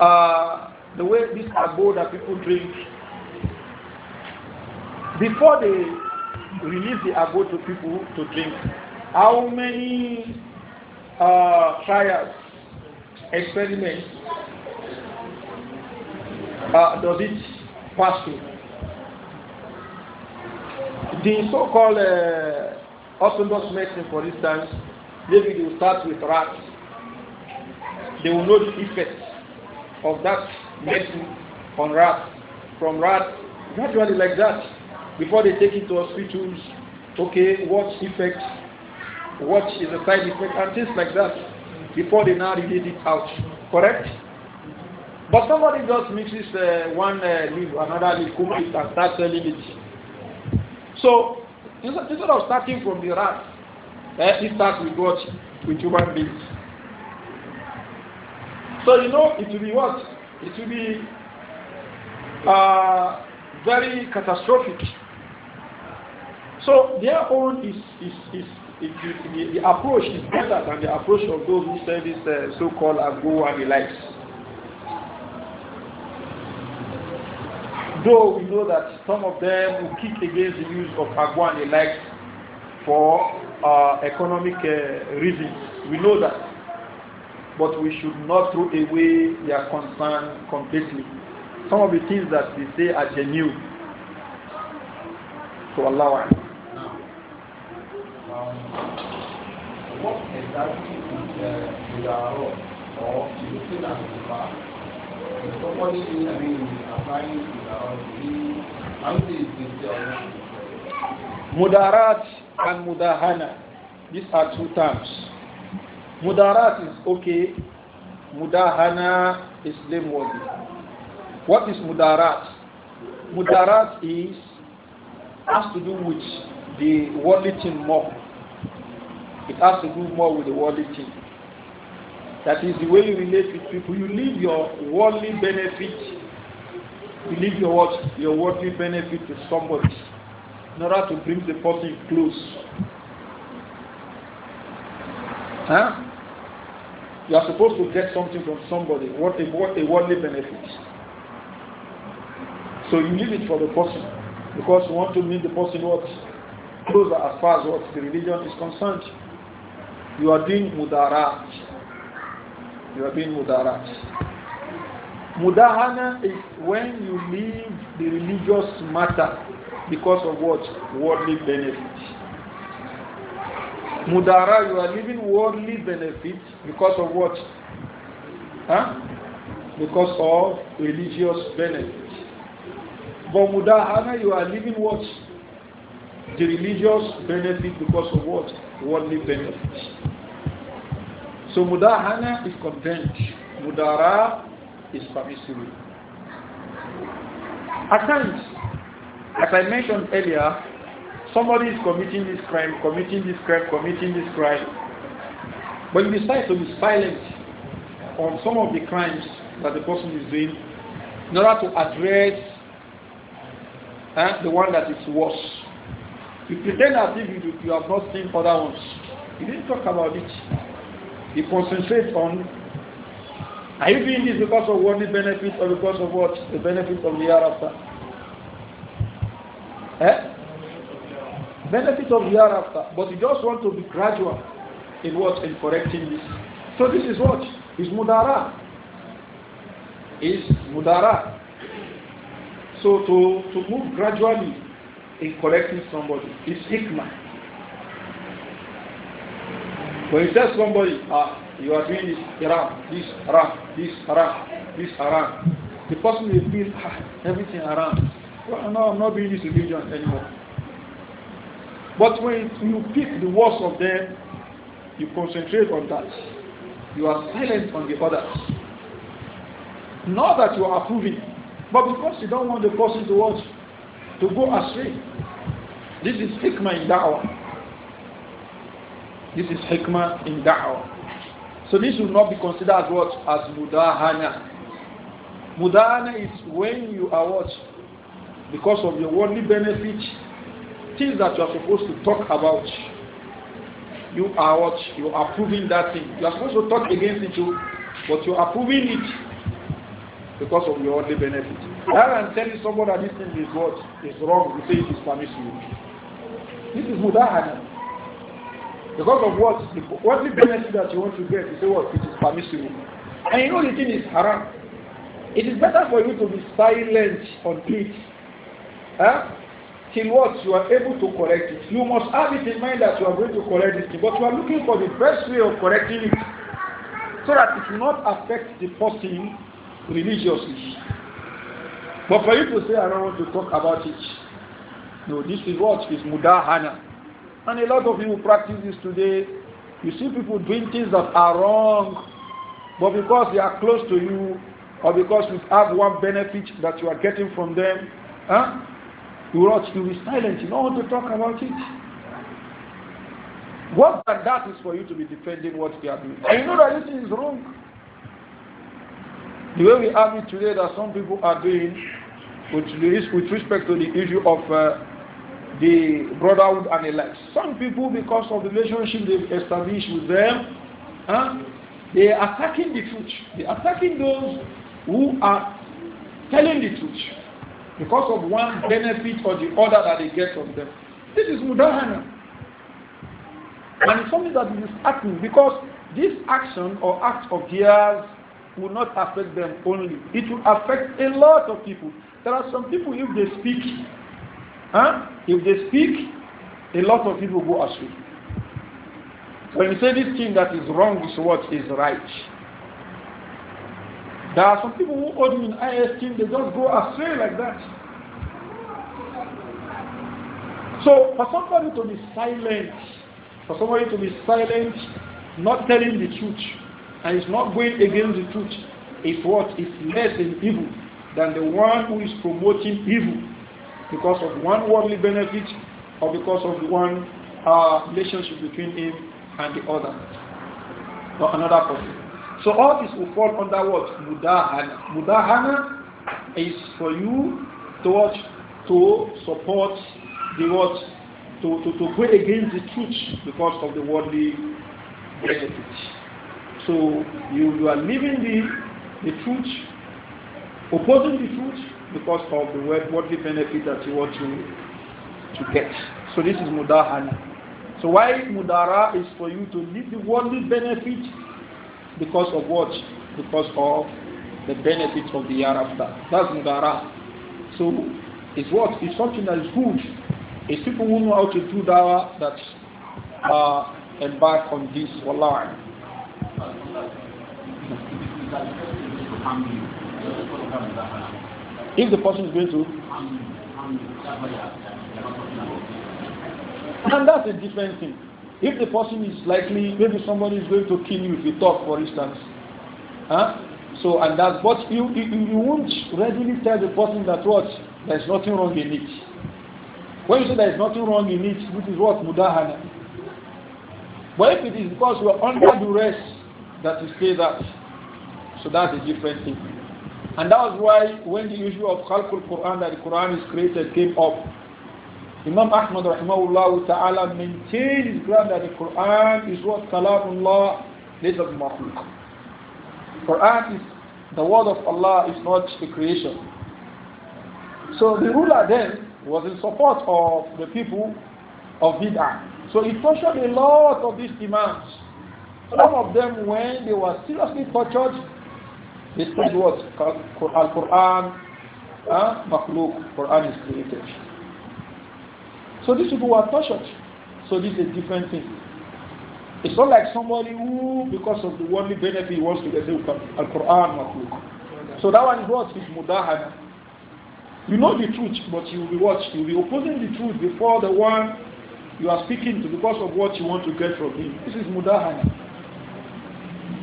uh, the way this agbo that people drink, before they release the agbo to people to drink, how many uh, trials, experiments uh, does it pass through? The so-called uh, orthodox medicine, for instance, maybe they will start with rats. They will know the effects of that medicine on rats. From rats, gradually like that, before they take it to hospitals, okay, what effect, what is the side effect, and things like that, before they now relate it out. Correct? But somebody just mixes uh, one uh, leaf, another leaf, kuma it and starts selling it. So instead of starting from the rat, eh, it starts with what? With human beings. So you know it will be what? It will be uh, very catastrophic. So their own is, is, is, the, the, approach is better than the approach of those who say this uh, so-called and go and the likes. Though we know that some of them will kick against the use of agwa and like for uh, economic uh, reasons. We know that. But we should not throw away their concern completely. Some of the things that they say are genuine. So Allah. Now, um, what exactly is the uh, or the somebody I mean, applying to the is this Mudarat and mudahana. These are two terms. Mudarat is okay. Mudahana is blameworthy. What is mudarat? Mudarat is has to do with the worldly thing more. It has to do more with the worldly thing. That is the way you relate with people. You leave your worldly benefit. You leave your what? Your worldly benefit to somebody in order to bring the person close. Huh? You are supposed to get something from somebody. What a, what a worldly benefit. So you leave it for the person because you want to meet the person what closer as far as what the religion is concerned. You are doing mudarat. you are being mudarat. Mudahana is when you leave the religious matter because of what? Worldly benefit. Mudara, you are leaving worldly benefit because of what? Huh? Because of religious benefit. But mudahana, you are leaving what? The religious benefit because of what? Worldly benefit. So mudahana is content. Mudara is permissible. At times, as I mentioned earlier, somebody is committing this crime, committing this crime, committing this crime. But you decide to be silent on some of the crimes that the person is doing in order to address eh, the one that is worse. You pretend as if you, you have not seen other ones. You didn't talk about it. You concentrate on are you doing this because of worldly benefit or because of what? The benefit of the hereafter? Eh? Benefit of the hereafter. But you just want to be gradual in what? In correcting this. So this is what? Is mudara. Is mudara. So to, to move gradually in correcting somebody is hikmah. When you tell somebody, ah, you are doing this haram, this haram, this haram, this haram, the person will feel, ah, everything haram. Well, no, I'm not doing this religion anymore. But when you pick the worst of them, you concentrate on that. You are silent on the others. Not that you are approving, but because you don't want the person to watch, to go astray. This is hikmah in one. This is hikmah in da'wah. So this will not be considered as what? As mudahana. Mudahana is when you are what? Because of your worldly benefit, things that you are supposed to talk about, you are what? You are proving that thing. You are supposed to talk against it too, but you are proving it because of your worldly benefit. Rather than telling someone that this thing is what? Is wrong, you say it is permissible. This is mudahana. Because of what? What the benefit that you want to get? You say what? It is permissible. And you know the thing is haram. It is better for you to be silent on it. Huh? Till what? You are able to correct it. You must have it in mind that you are going to correct it. But you are looking for the best way of correcting it. So that it will not affect the person religiously. But for you to say, I don't want to talk about it. No, this is what is mudahana. And a lot of you practice this today. You see people doing things that are wrong, but because they are close to you, or because you have one benefit that you are getting from them, huh? you watch, you be silent. You don't want to talk about it. What that that is for you to be defending what they are doing. And you know that this is wrong. The way we have it today that some people are doing with, with respect to the issue of uh, the brotherhood and the like. Some people, because of the relationship they've established with them, huh, they are attacking the truth. They are attacking those who are telling the truth because of one benefit or the other that they get from them. This is mudahana. And it's something that is acting because this action or act of theirs will not affect them only. It will affect a lot of people. There are some people, if they speak, Huh? If they speak, a lot of people go astray. When you say this thing that is wrong is what is right. There are some people who hold you in high esteem, they just go astray like that. So for somebody to be silent, for somebody to be silent, not telling the truth, and is not going against the truth, is what is less in evil than the one who is promoting evil because of one worldly benefit or because of one uh, relationship between him and the other or another person. So all this will fall under what? Mudahana. Mudahana is for you to watch, to support the what? To, to, to go against the truth because of the worldly benefit. So you, you are leaving the, the truth, opposing the truth, because of the worldly benefit that you want to, to get. So this is mudahana. So why mudara is for you to leave the worldly benefit because of what? Because of the benefit of the after. That's mudara. So it's what? It's something that is good. It's people who know how to do dawa that uh, embark on this. Wallah. If the person is going to. And that's a different thing. If the person is likely, maybe somebody is going to kill you if you talk, for instance. Huh? So, and that's what you, you, you won't readily tell the person that what? There's nothing wrong in it. When you say there's nothing wrong in it, which is what? Mudahana. But if it is because we are under duress that you say that, so that's a different thing. And that was why when the issue of Khalqul Quran, that the Quran is created, came up, Imam Ahmad rahimahullah ta'ala maintained his ground that the Quran is what Kalamullah, later Mahluk. Quran is the word of Allah, is not a creation. So the ruler then was in support of the people of Bid'ah. So he tortured a lot of these demands. Some of them, when they were seriously tortured, this is what? Al-Quran, uh, makhluk, Quran is created. So these people were tortured. So this is a different thing. It's not like somebody who, because of the worldly benefit, wants to get Al-Quran, makhluk. So that one is what is It's You know the truth, but you will be watched. You will be opposing the truth before the one you are speaking to because of what you want to get from him. This is mudahana.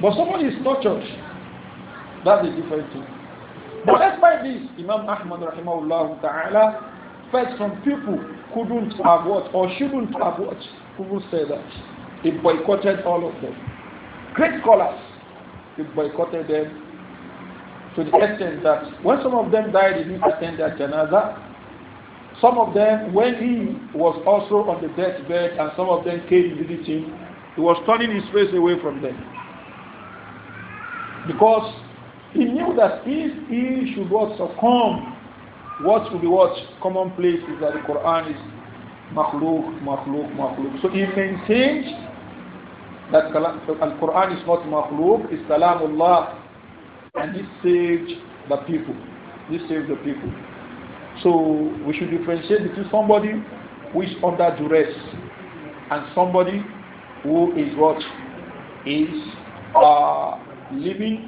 But somebody is tortured that's a different thing. But despite this, Imam Ahmad rahimahullah ta'ala felt some people couldn't have watched or shouldn't have watched. People say that. He boycotted all of them. Great scholars, he boycotted them to the extent that when some of them died, he didn't attend their janaza. Some of them, when he was also on the deathbed and some of them came visiting, he was turning his face away from them. Because he knew that if he should not succumb, what would be what commonplace is that the Quran is makhluk, makhluk, makhluk. So he maintained that the Quran is not makhluk, it's kalamullah, and he saved the people. He saved the people. So we should differentiate between somebody who is under duress and somebody who is what is uh, living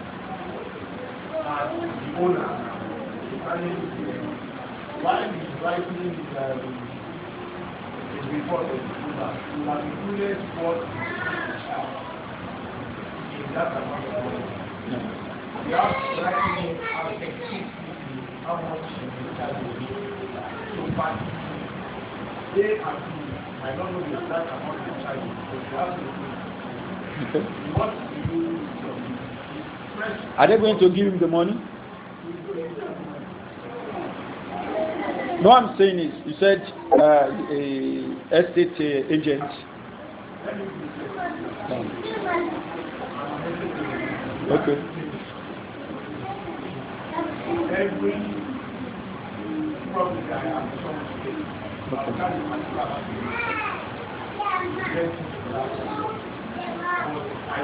as the owner, the family is writing um, the the owner, he will what in that amount of money. We writing as explicitly how much the child will be. So far, they and me might know the exact amount you Are they going to give him the money? No, I'm saying is, you said uh, a estate uh, agent. Okay. Every I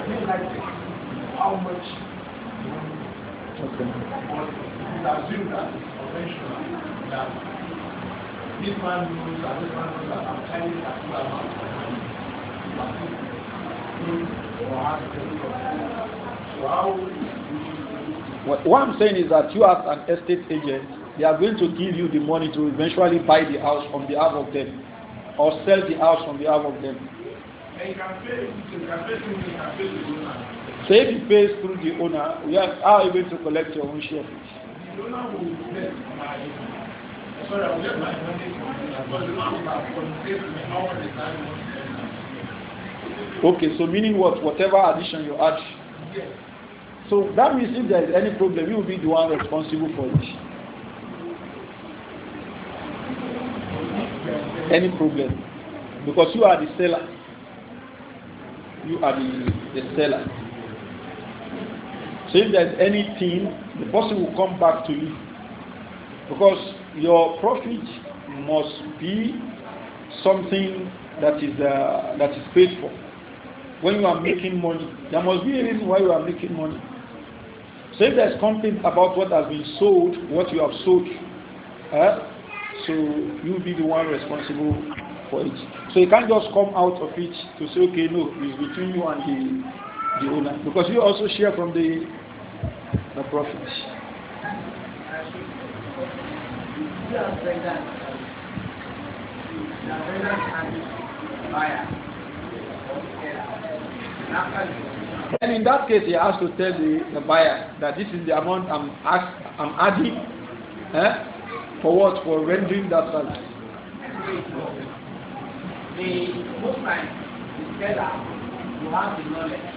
have I like how much Okay. what I'm saying is that you as an estate agent, they are going to give you the money to eventually buy the house on behalf of them or sell the house on behalf of them. So if he pays through the owner, we are, how are you going to collect your own share? Okay, so meaning what? Whatever addition you add. So that means if there is any problem, you will be the one responsible for it. Any problem. Because you are the seller. You are the, the seller. So if there's anything, the person will come back to you. Because your profit must be something that is, uh, that is paid for. When you are making money, there must be a reason why you are making money. So if there's complaint about what has been sold, what you have sold, eh, so you'll be the one responsible for it. So you can't just come out of it to say, okay, no, it's between you and the the owner because you also share from the the profits. And in that case, he has to tell the, the buyer that this is the amount I'm, ask, I'm adding eh? for what? For rendering that service. The movement, you have the knowledge.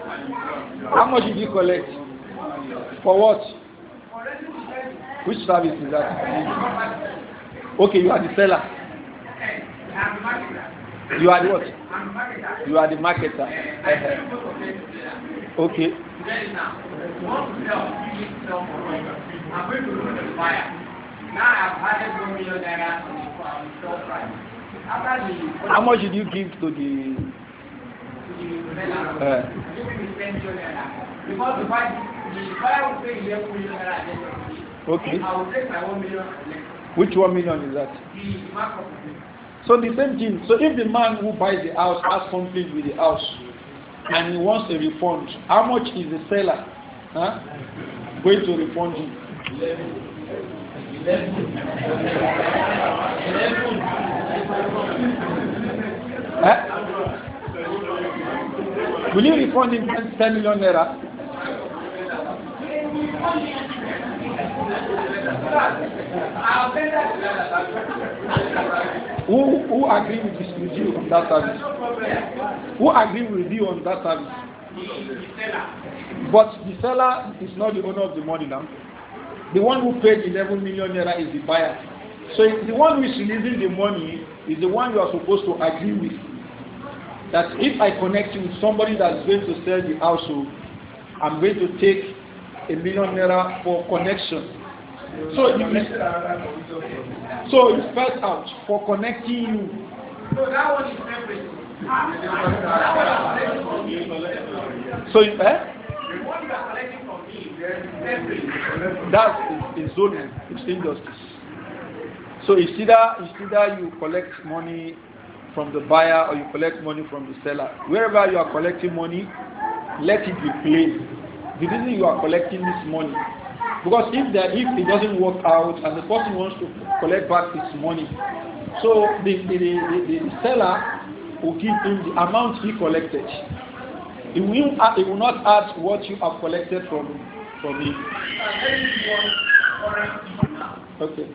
How much did you collect? For what? Which service is that? Okay, you are the seller. You are the what? You are the marketer. Uh-huh. okay. How much did you give to the Eh. okay. Which one million is that? So the same thing. So if the man who buys the house has conflict with the house and he wants a refund, how much is the seller huh, going to refund him? Eleven. Eh? Eleven. Will you refund him 10 million naira? who who agree with, this, with you on that service? Who agree with you on that service? But the seller is not the owner of the money now. The one who paid 11 million naira is the buyer. So the one who is releasing the money is the one you are supposed to agree with. that if I connect you with somebody that's going to sell the household, oh, I'm going to take a million naira for connection. So you, so you first out for connecting you. So that one is everything. So eh? The That is, is zoning, it's injustice. So it's either, it's either you collect money from the buyer or you collect money from the seller. Wherever you are collecting money, let it be plain. The reason you are collecting this money, because if if it doesn't work out and the person wants to collect back his money, so the, the, the, the seller will give him the amount he collected. It will, it will not add what you have collected from, from him. Okay.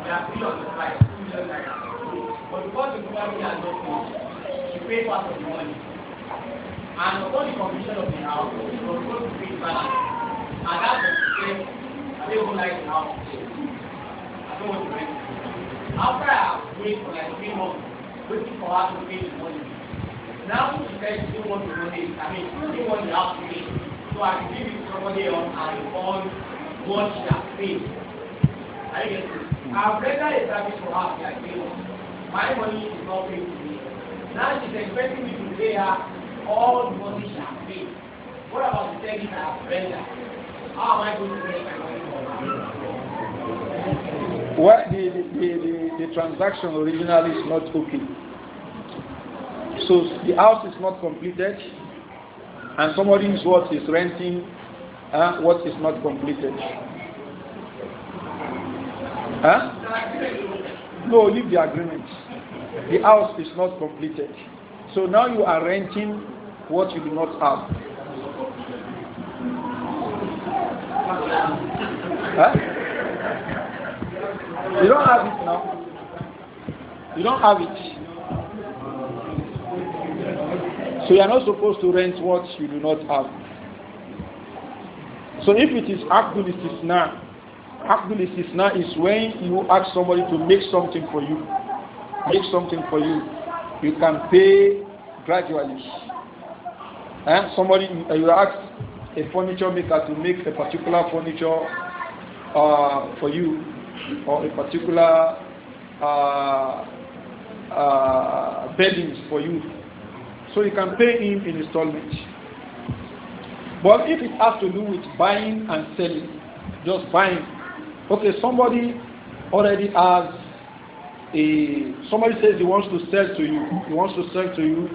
They are free on the price, But because the not she part of the money. And the of the house, was supposed to And the not like the house. I don't want to After I for like three months, waiting for her to pay the money. Now she said she not want I mean, she not want the house to So I give and I mean, I've rather established for her my money is not paid to me. Now she's expecting me to pay her all the money she has paid. What about the service I have How am I going to pay my money for her? Well, the, the, the, the transaction originally is not okay. So the house is not completed, and somebody's what is renting uh, what is not completed. Huh? No, leave the agreement. The house is not completed. So now you are renting what you do not have. Huh? You don't have it now. You don't have it. So you are not supposed to rent what you do not have. So if it is Abdul Istisna, Abdul istisna is when you ask somebody to make something for you. Make something for you. You can pay gradually. And eh? somebody, eh, you ask a furniture maker to make a particular furniture uh, for you or a particular uh, uh, bedding for you. So you can pay him in installment. But if it has to do with buying and selling, just buying Okay, somebody already has a, somebody says he wants to sell to you, he wants to sell to you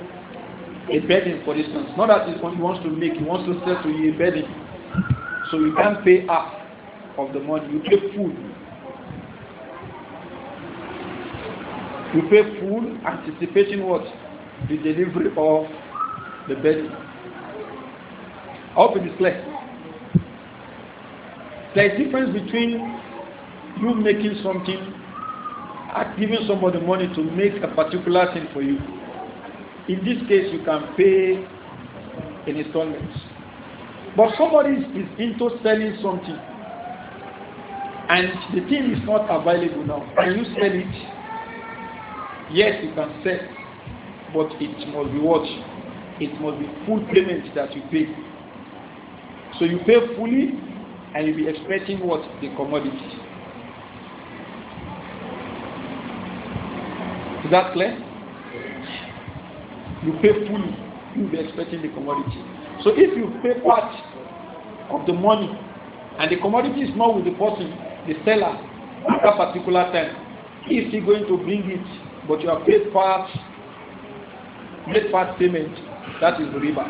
a bedding, for instance. Not that he wants to make, he wants to sell to you a bedding. So you can't pay half of the money, you pay full. You pay full anticipating what? The delivery of the bedding. I hope it is clear. There is difference between you making something, giving somebody money to make a particular thing for you. In this case, you can pay in installments. But somebody is into selling something and the thing is not available now. Can you sell it? Yes, you can sell, but it must be what? It must be full payment that you pay. So you pay fully and you be expecting what? The commodity. Is that clear? You pay fully, you'll be expecting the commodity. So if you pay part of the money and the commodity is not with the person, the seller, at a particular time, he is still going to bring it, but you have paid part, made part payment, that is the river.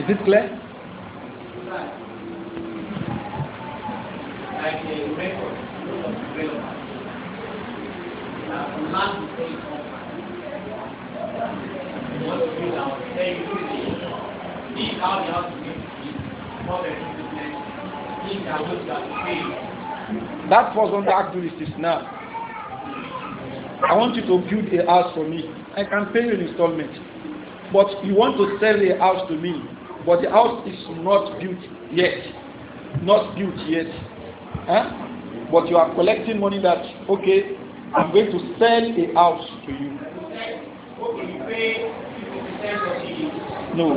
Is it clear? Like a record. That falls under activities now. I want you to build a house for me. I can pay you an installment. But you want to sell a house to me, but the house is not built yet. Not built yet. Huh? but you are collecting money that, okay, I'm going to sell a house to you. No,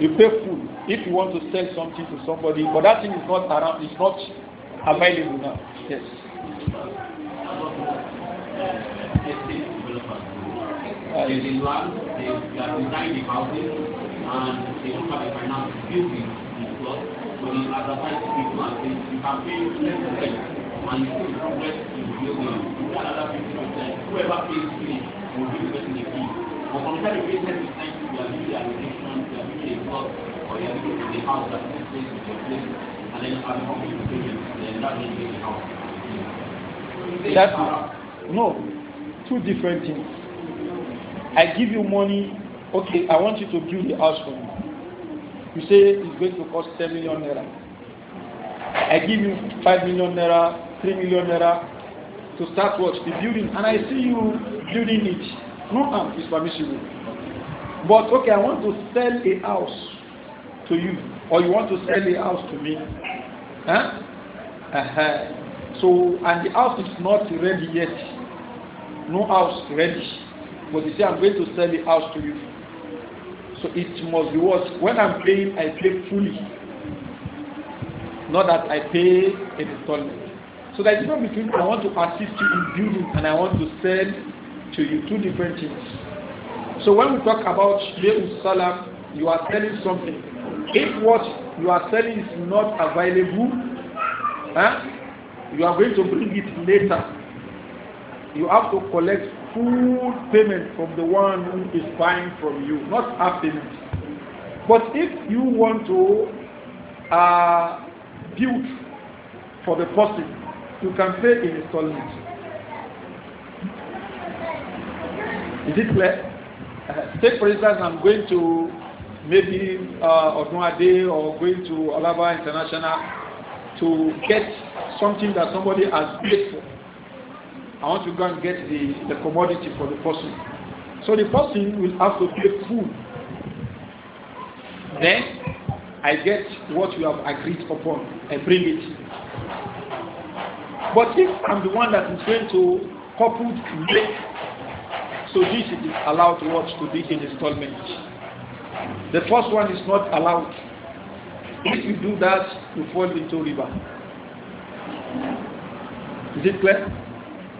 You pay full if you want to sell something to somebody, but that thing is not around, it's not available now. Yes. Uh, um, as a scientist, you can say you can pay less than and you still progress in the real world. You can another fifty percent. Whoever pays three will be the person they give. But from the time you pay ten percent, you are giving an injection, you are giving a drug, or you are giving a house that is place with your place, and then as a company That's no, two different things. I give you money, okay, I want you to build the house for me. You say it's going to cost 10 million naira. I give you 5 million naira, 3 million naira to start what? The building. And I see you building it. No harm is permissible. But okay, I want to sell a house to you, or you want to sell a house to me. Huh? Uh-huh. So, and the house is not ready yet. No house ready. But you say, I'm going to sell the house to you. So it must be what? When I'm paying, I pay fully. Not that I pay an installment. So there's a difference between I want to assist you in building and I want to sell to you two different things. So when we talk about Leus Salam, you are selling something. If what you are selling is not available, huh, you are going to bring it later. You have to collect full payment from the one who is buying from you, not half payment. But if you want to uh, build for the person, you can pay in installments. Is it clear? Uh, take for instance, I'm going to maybe uh, Odunade or going to Olaba International to get something that somebody has paid for I want to go and get the, the commodity for the person. So the person will have to pay full. Then I get what we have agreed upon. I bring it. But if I'm the one that is going to couple to make, so this is allowed what to be in installment. The first one is not allowed. If you do that, you fall into river. Is it clear?